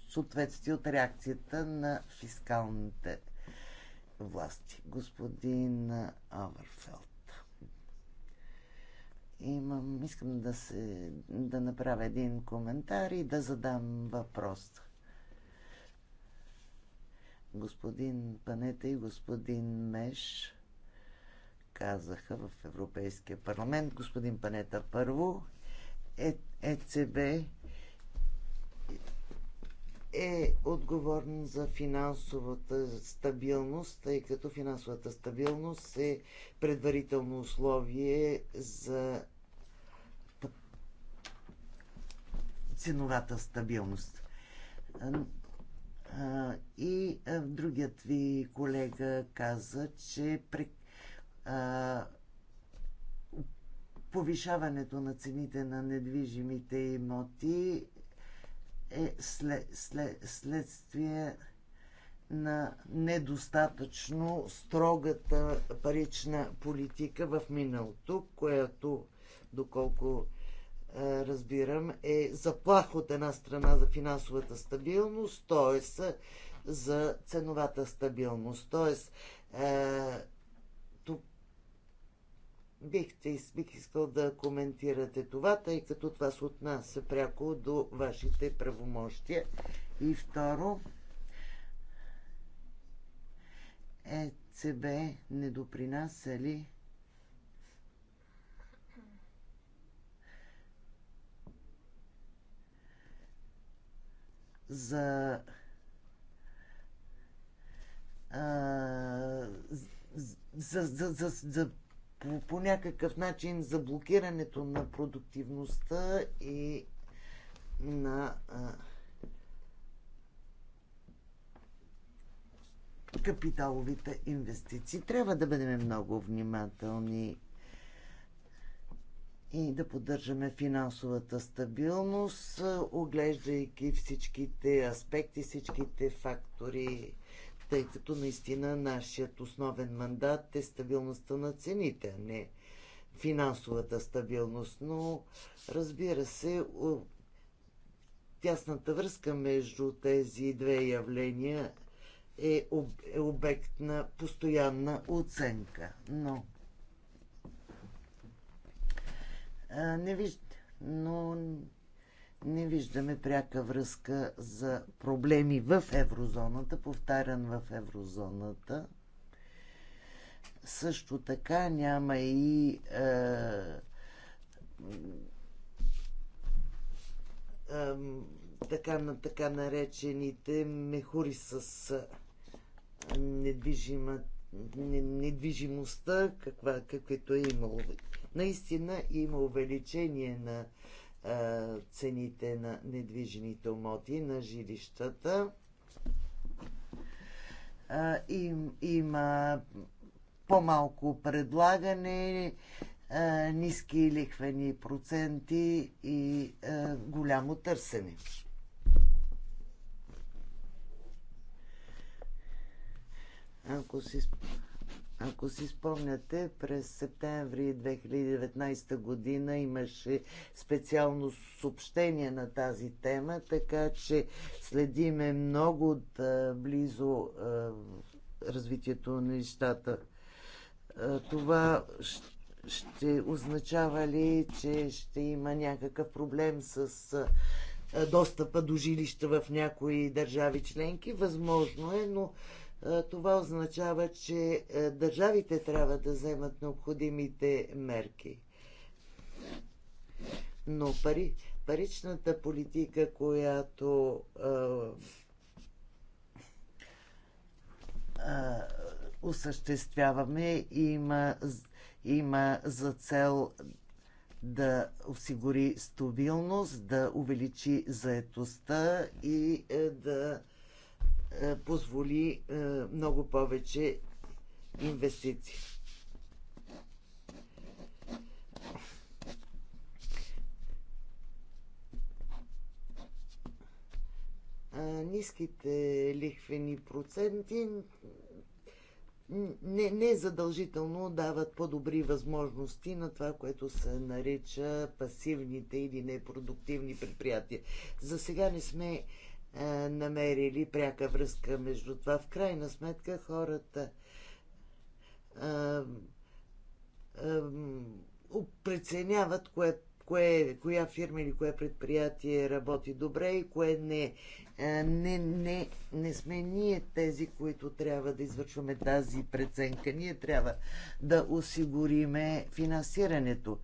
съответствие от реакцията на фискалните власти. Господин Аверфелд. Имам, искам да, се, да направя един коментар и да задам въпрос. Господин Панета и господин Меш казаха в Европейския парламент. Господин Панета първо, е, ЕЦБ е отговорен за финансовата стабилност, тъй като финансовата стабилност е предварително условие за ценовата стабилност. И другият ви колега каза, че при повишаването на цените на недвижимите имоти е след, след, следствие на недостатъчно строгата парична политика в миналото, която, доколко е, разбирам, е заплах от една страна за финансовата стабилност, т.е. за ценовата стабилност. Т.е. Е, бихте, бих искал да коментирате това, тъй като това се отнася пряко до вашите правомощия. И второ, ЕЦБ не допринася ли за а, за, за, за, за по някакъв начин заблокирането на продуктивността и на а, капиталовите инвестиции. Трябва да бъдем много внимателни и да поддържаме финансовата стабилност, оглеждайки всичките аспекти, всичките фактори тъй като наистина нашият основен мандат е стабилността на цените, а не финансовата стабилност. Но, разбира се, тясната връзка между тези две явления е, е обект на постоянна оценка. Но не виждате. Но не виждаме пряка връзка за проблеми в еврозоната, повтарян в еврозоната. Също така няма и е, е, така, на така наречените мехури с е, недвижима, недвижимостта, каква, каквито е имало. Наистина има увеличение на е, цените на недвижимите умоти на жилищата. Е, им, има по-малко предлагане, е, ниски лихвени проценти и голямо търсене. Ако си ако си спомняте, през септември 2019 година имаше специално съобщение на тази тема, така че следиме много от близо развитието на нещата. Това ще означава ли, че ще има някакъв проблем с достъпа до жилища в някои държави членки? Възможно е, но това означава, че държавите трябва да вземат необходимите мерки. Но пари, паричната политика, която а, а, осъществяваме, има, има за цел да осигури стабилност, да увеличи заетостта и е, да а, е, позволи е, много повече инвестиции. Ниските лихвени проценти не, не задължително дават по-добри възможности на това, което се нарича пасивните или непродуктивни предприятия. За сега не сме е, намерили пряка връзка между това. В крайна сметка хората е, е, преценяват кое, кое, коя фирма или кое предприятие работи добре и кое не. не, не. Не сме ние тези, които трябва да извършваме тази преценка. Ние трябва да осигуриме финансирането.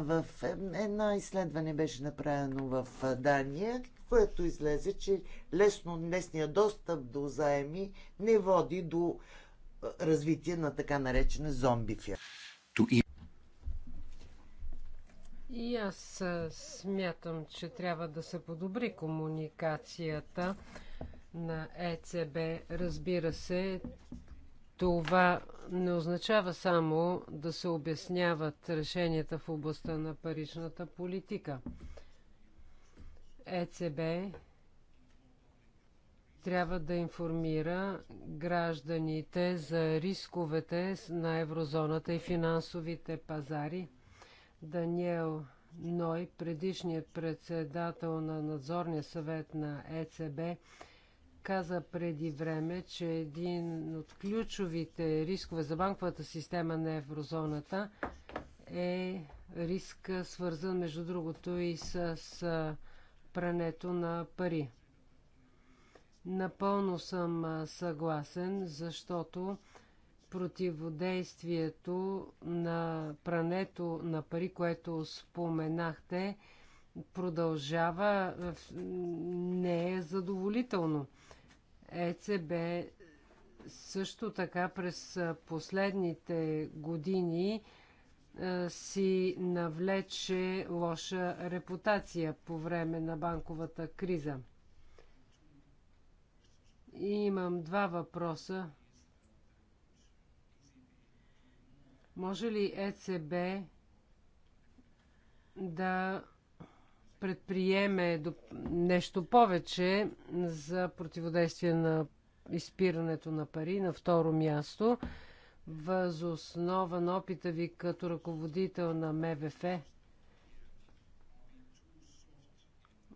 в едно изследване беше направено в Дания, което излезе, че лесно, лесният достъп до заеми не води до развитие на така наречена зомби фирма. И аз смятам, че трябва да се подобри комуникацията на ЕЦБ. Разбира се, това не означава само да се обясняват решенията в областта на паричната политика. ЕЦБ трябва да информира гражданите за рисковете на еврозоната и финансовите пазари. Даниел Ной, предишният председател на надзорния съвет на ЕЦБ, каза преди време, че един от ключовите рискове за банковата система на еврозоната е риск свързан между другото и с прането на пари. Напълно съм съгласен, защото противодействието на прането на пари, което споменахте, продължава, не е задоволително. ЕЦБ също така през последните години си навлече лоша репутация по време на банковата криза. И имам два въпроса. Може ли ЕЦБ да предприеме нещо повече за противодействие на изпирането на пари. На второ място, възоснова на опита ви като ръководител на МВФ,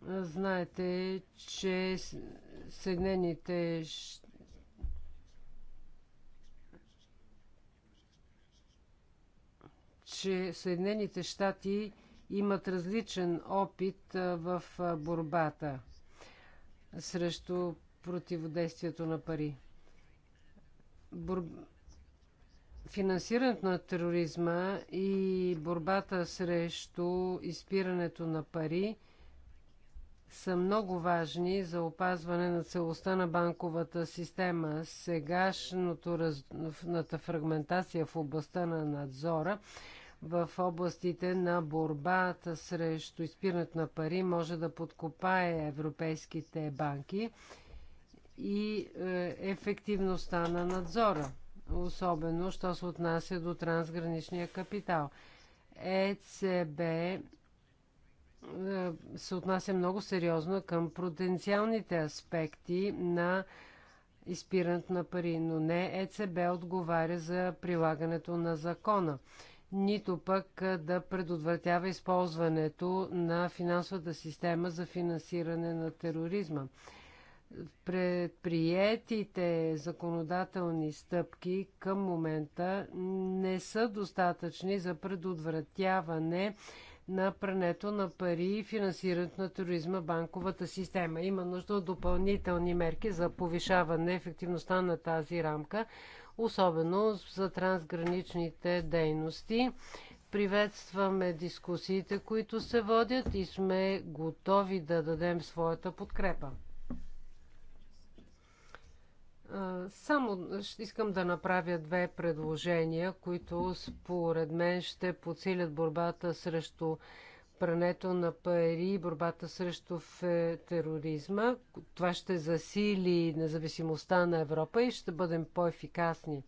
знаете, че Съединените че Съединените щати имат различен опит в борбата срещу противодействието на пари. Бор... Финансирането на тероризма и борбата срещу изпирането на пари са много важни за опазване на целостта на банковата система. Сегашната фрагментация в областта на надзора в областите на борбата срещу изпирането на пари може да подкопае европейските банки и е, ефективността на надзора, особено що се отнася до трансграничния капитал. ЕЦБ е, се отнася много сериозно към потенциалните аспекти на изпирането на пари, но не ЕЦБ отговаря за прилагането на закона нито пък да предотвратява използването на финансовата система за финансиране на тероризма. Предприетите законодателни стъпки към момента не са достатъчни за предотвратяване на прането на пари и финансирането на туризма, банковата система. Има нужда от допълнителни мерки за повишаване ефективността на тази рамка, особено за трансграничните дейности. Приветстваме дискусиите, които се водят и сме готови да дадем своята подкрепа. Само искам да направя две предложения, които според мен ще подсилят борбата срещу прането на пари и борбата срещу тероризма. Това ще засили независимостта на Европа и ще бъдем по-ефикасни.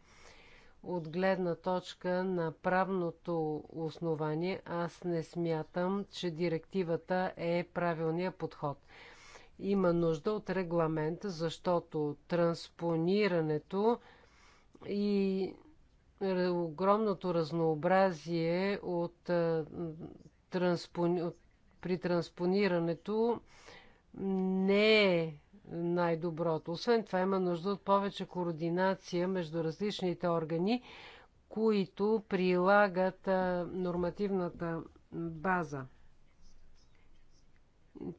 От гледна точка на правното основание, аз не смятам, че директивата е правилният подход. Има нужда от регламент, защото транспонирането и огромното разнообразие от транспони... при транспонирането не е най-доброто. Освен това има нужда от повече координация между различните органи, които прилагат нормативната база.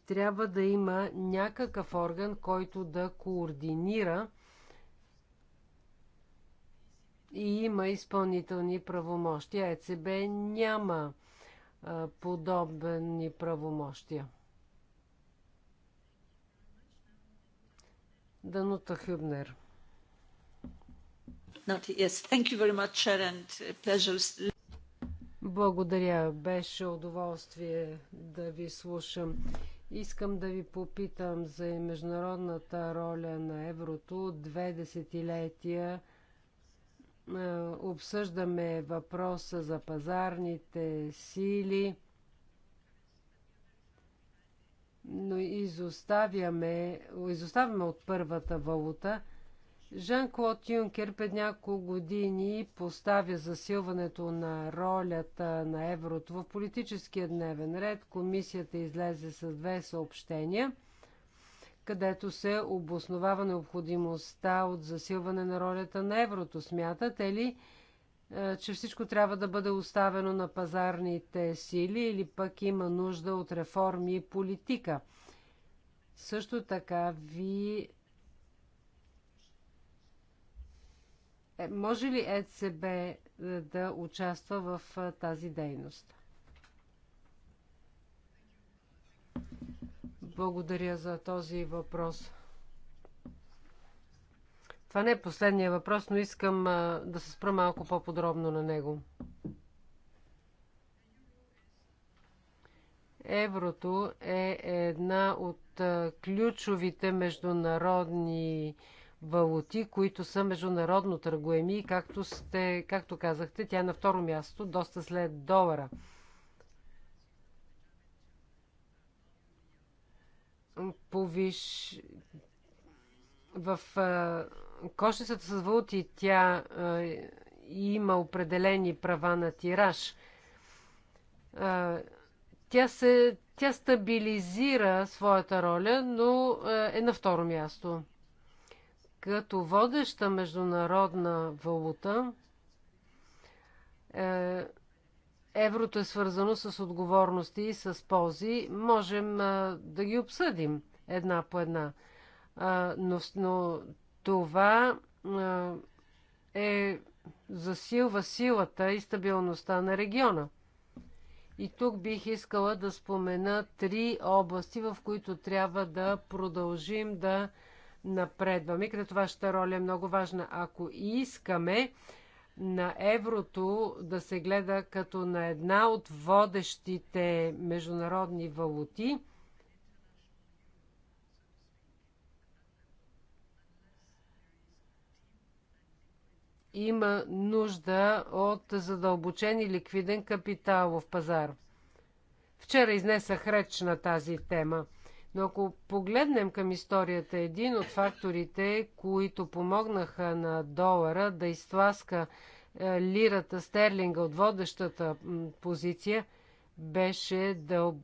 Трябва да има някакъв орган, който да координира и има изпълнителни правомощия. ЕЦБ няма подобни правомощия. Данута Хюбнер. Uh, Благодаря. Беше удоволствие да ви слушам. Искам да ви попитам за международната роля на еврото. Две десетилетия е, обсъждаме въпроса за пазарните сили, но изоставяме, изоставяме от първата валута. Жан-Клод Юнкер пред няколко години поставя засилването на ролята на еврото в политическия дневен ред. Комисията излезе с две съобщения – където се обосновава необходимостта от засилване на ролята на еврото. Смятате ли, е, че всичко трябва да бъде оставено на пазарните сили или пък има нужда от реформи и политика? Също така ви е, Може ли ЕЦБ е, да участва в тази дейност? Благодаря за този въпрос. Това не е последния въпрос, но искам а, да се спра малко по-подробно на него. Еврото е една от а, ключовите международни валути, които са международно търгуеми както, сте, както казахте, тя е на второ място, доста след долара. повиш... в кошницата с валути тя има определени права на тираж. Тя, се, тя стабилизира своята роля, но е на второ място. Като водеща международна валута, е, еврото е свързано с отговорности и с ползи, можем а, да ги обсъдим една по една. А, но, но това а, е засилва силата и стабилността на региона. И тук бих искала да спомена три области, в които трябва да продължим да напредваме, къде вашата роля е много важна. Ако искаме на еврото да се гледа като на една от водещите международни валути. Има нужда от задълбочен и ликвиден в пазар. Вчера изнесах реч на тази тема – но ако погледнем към историята, един от факторите, които помогнаха на долара да изтласка е, лирата стерлинга от водещата позиция, беше дъл...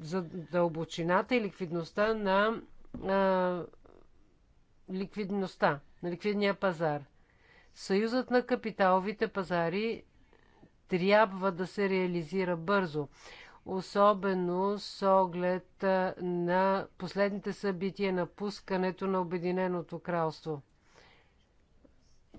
за дълбочината и ликвидността на а, ликвидността, на ликвидния пазар. Съюзът на капиталовите пазари трябва да се реализира бързо особено с оглед на последните събития на пускането на Обединеното кралство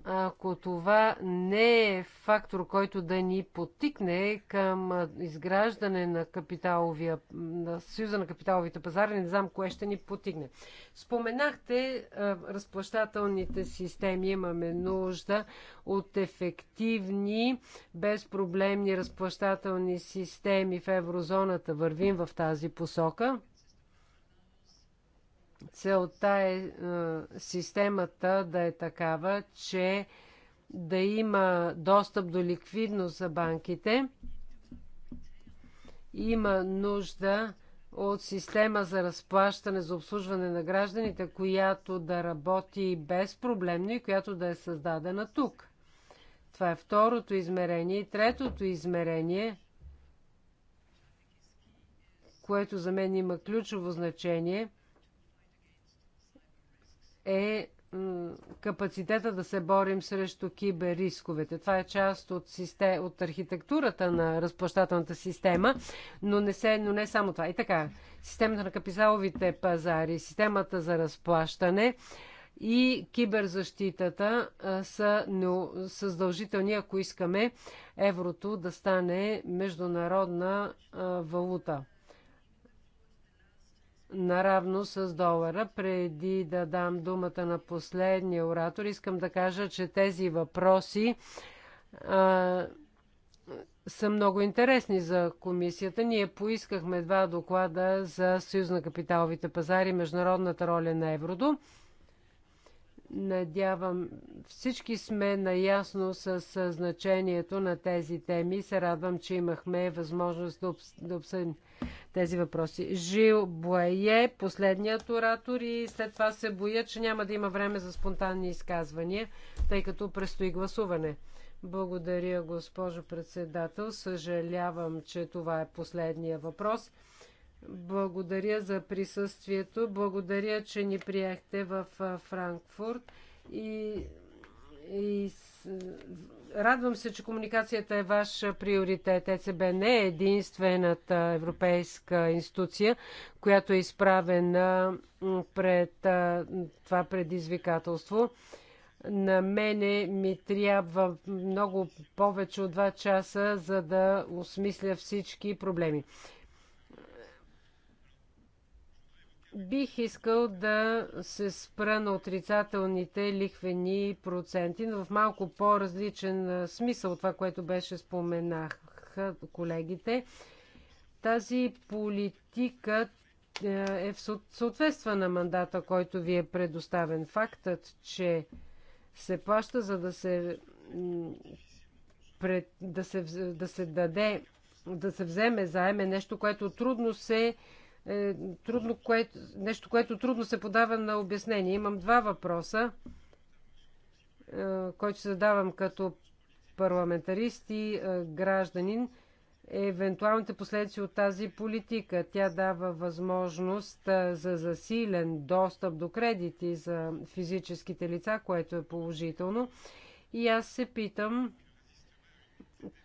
ако това не е фактор, който да ни потикне към изграждане на капиталовия, на съюза на капиталовите пазари, не знам кое ще ни потигне. Споменахте разплащателните системи. Имаме нужда от ефективни, безпроблемни разплащателни системи в еврозоната. Вървим в тази посока. Целта е, е, системата да е такава, че да има достъп до ликвидност за банките. Има нужда от система за разплащане за обслужване на гражданите, която да работи безпроблемно и която да е създадена тук. Това е второто измерение. И третото измерение, което за мен има ключово значение – е капацитета да се борим срещу киберрисковете. Това е част от, систе, от архитектурата на разплащателната система, но не, се, но не само това. И така, системата на капиталовите пазари, системата за разплащане и киберзащитата са, но, са задължителни, ако искаме еврото да стане международна а, валута наравно с долара. Преди да дам думата на последния оратор, искам да кажа, че тези въпроси а, са много интересни за комисията. Ние поискахме два доклада за Съюз на капиталовите пазари и международната роля на еврото. Надявам, всички сме наясно с значението на тези теми. Се радвам, че имахме възможност да обсъдим. Да тези въпроси. Жил Буае, последният оратор и след това се боя, че няма да има време за спонтанни изказвания, тъй като предстои гласуване. Благодаря, госпожо председател. Съжалявам, че това е последния въпрос. Благодаря за присъствието. Благодаря, че ни приехте в Франкфурт и, и Радвам се, че комуникацията е ваш приоритет. ЕЦБ не е единствената европейска институция, която е изправена пред това предизвикателство. На мене ми трябва много повече от 2 часа, за да осмисля всички проблеми. Бих искал да се спра на отрицателните лихвени проценти, но в малко по-различен смисъл от това, което беше споменах, колегите. Тази политика е, е в съответства на мандата, който ви е предоставен. Фактът, че се плаща, за да се, пред, да се, да се даде, да се вземе заеме нещо, което трудно се е трудно, кое, нещо, което трудно се подава на обяснение. Имам два въпроса, е, който се задавам като парламентарист и е, гражданин. Евентуалните последици от тази политика. Тя дава възможност е, за засилен достъп до кредити за физическите лица, което е положително. И аз се питам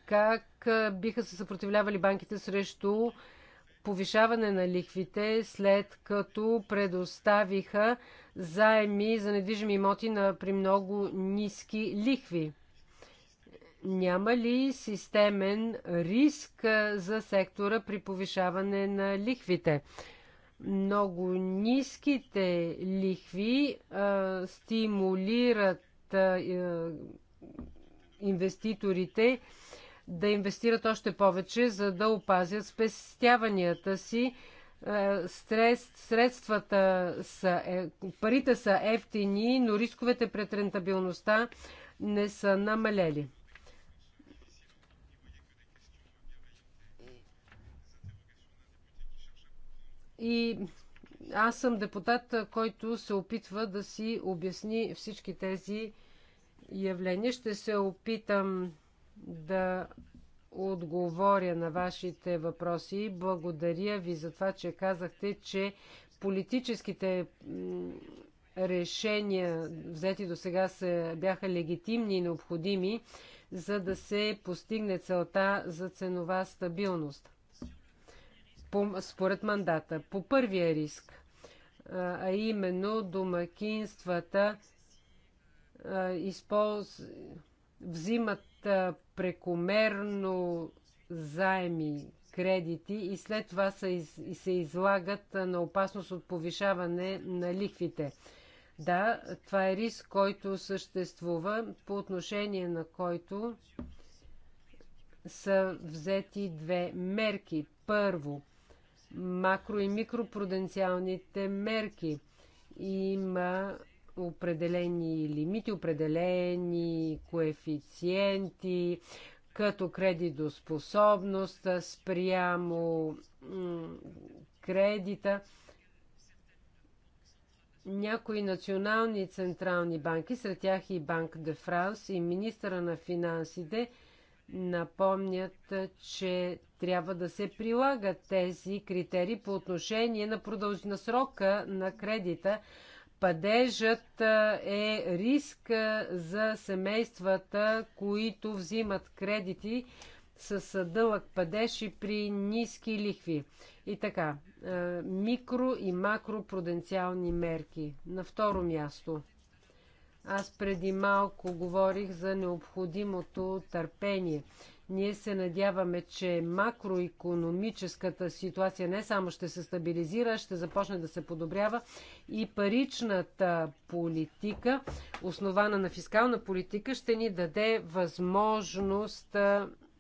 как е, биха се съпротивлявали банките срещу повишаване на лихвите, след като предоставиха заеми за недвижими имоти на при много ниски лихви. Няма ли системен риск за сектора при повишаване на лихвите? Много ниските лихви а, стимулират а, инвеститорите да инвестират още повече, за да опазят спестяванията си. Е, стрес, средствата са, е, парите са ефтини, но рисковете пред рентабилността не са намалели. И аз съм депутат, който се опитва да си обясни всички тези явления. Ще се опитам да отговоря на вашите въпроси. Благодаря ви за това, че казахте, че политическите решения, взети до сега, бяха легитимни и необходими, за да се постигне целта за ценова стабилност. По, според мандата. По първия риск, а именно домакинствата използ... взимат прекомерно заеми кредити и след това се, се излагат на опасност от повишаване на лихвите. Да, това е риск, който съществува, по отношение на който са взети две мерки. Първо, макро и микропруденциалните мерки. Има определени лимити, определени коефициенти, като кредитоспособност спрямо кредита. Някои национални централни банки, сред тях и Банк де Франс и министра на финансите, напомнят, че трябва да се прилагат тези критерии по отношение на, продължи на срока на кредита, Падежът е риск за семействата, които взимат кредити с дълъг падеж и при ниски лихви. И така, микро и макропруденциални мерки. На второ място, аз преди малко говорих за необходимото търпение. Ние се надяваме, че макроекономическата ситуация не само ще се стабилизира, ще започне да се подобрява и паричната политика, основана на фискална политика, ще ни даде възможност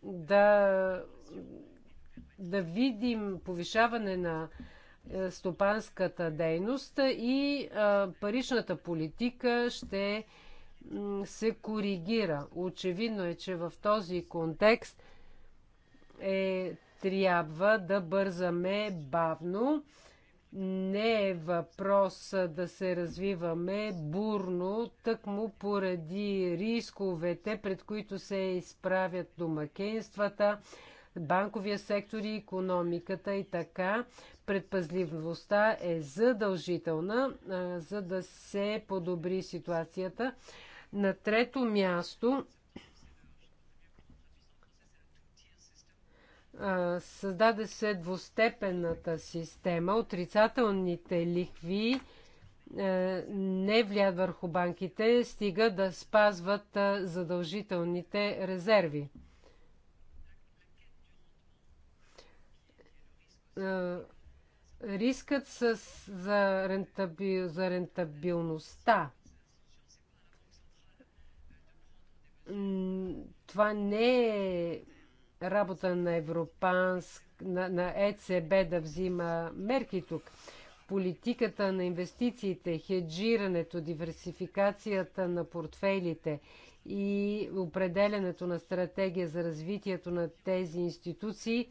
да, да видим повишаване на е, стопанската дейност и паричната политика ще се коригира. Очевидно е, че в този контекст е, трябва да бързаме бавно. Не е въпрос да се развиваме бурно, тъкмо поради рисковете, пред които се изправят домакинствата, банковия сектор и економиката и така. Предпазливостта е задължителна, за да се подобри ситуацията. На трето място създаде се двустепенната система. Отрицателните лихви не влияят върху банките, стига да спазват задължителните резерви. Рискът с, за, рентабил, за рентабилността това не е работа на Европанск, на, на ЕЦБ да взима мерки тук. Политиката на инвестициите, хеджирането, диверсификацията на портфейлите и определенето на стратегия за развитието на тези институции,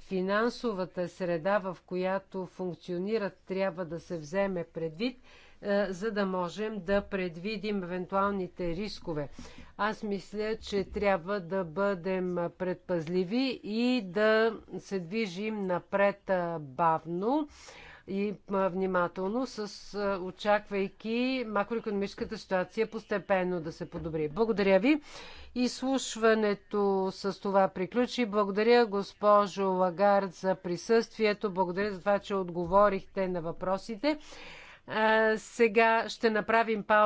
финансовата среда, в която функционират, трябва да се вземе предвид – е, за да можем да предвидим евентуалните рискове. Аз мисля, че трябва да бъдем предпазливи и да се движим напред е, бавно и е, внимателно, с, очаквайки макроекономическата ситуация постепенно да се подобри. Благодаря ви. Изслушването с това приключи. Благодаря госпожо Лагард за присъствието. Благодаря за това, че отговорихте на въпросите сега ще направим пауза.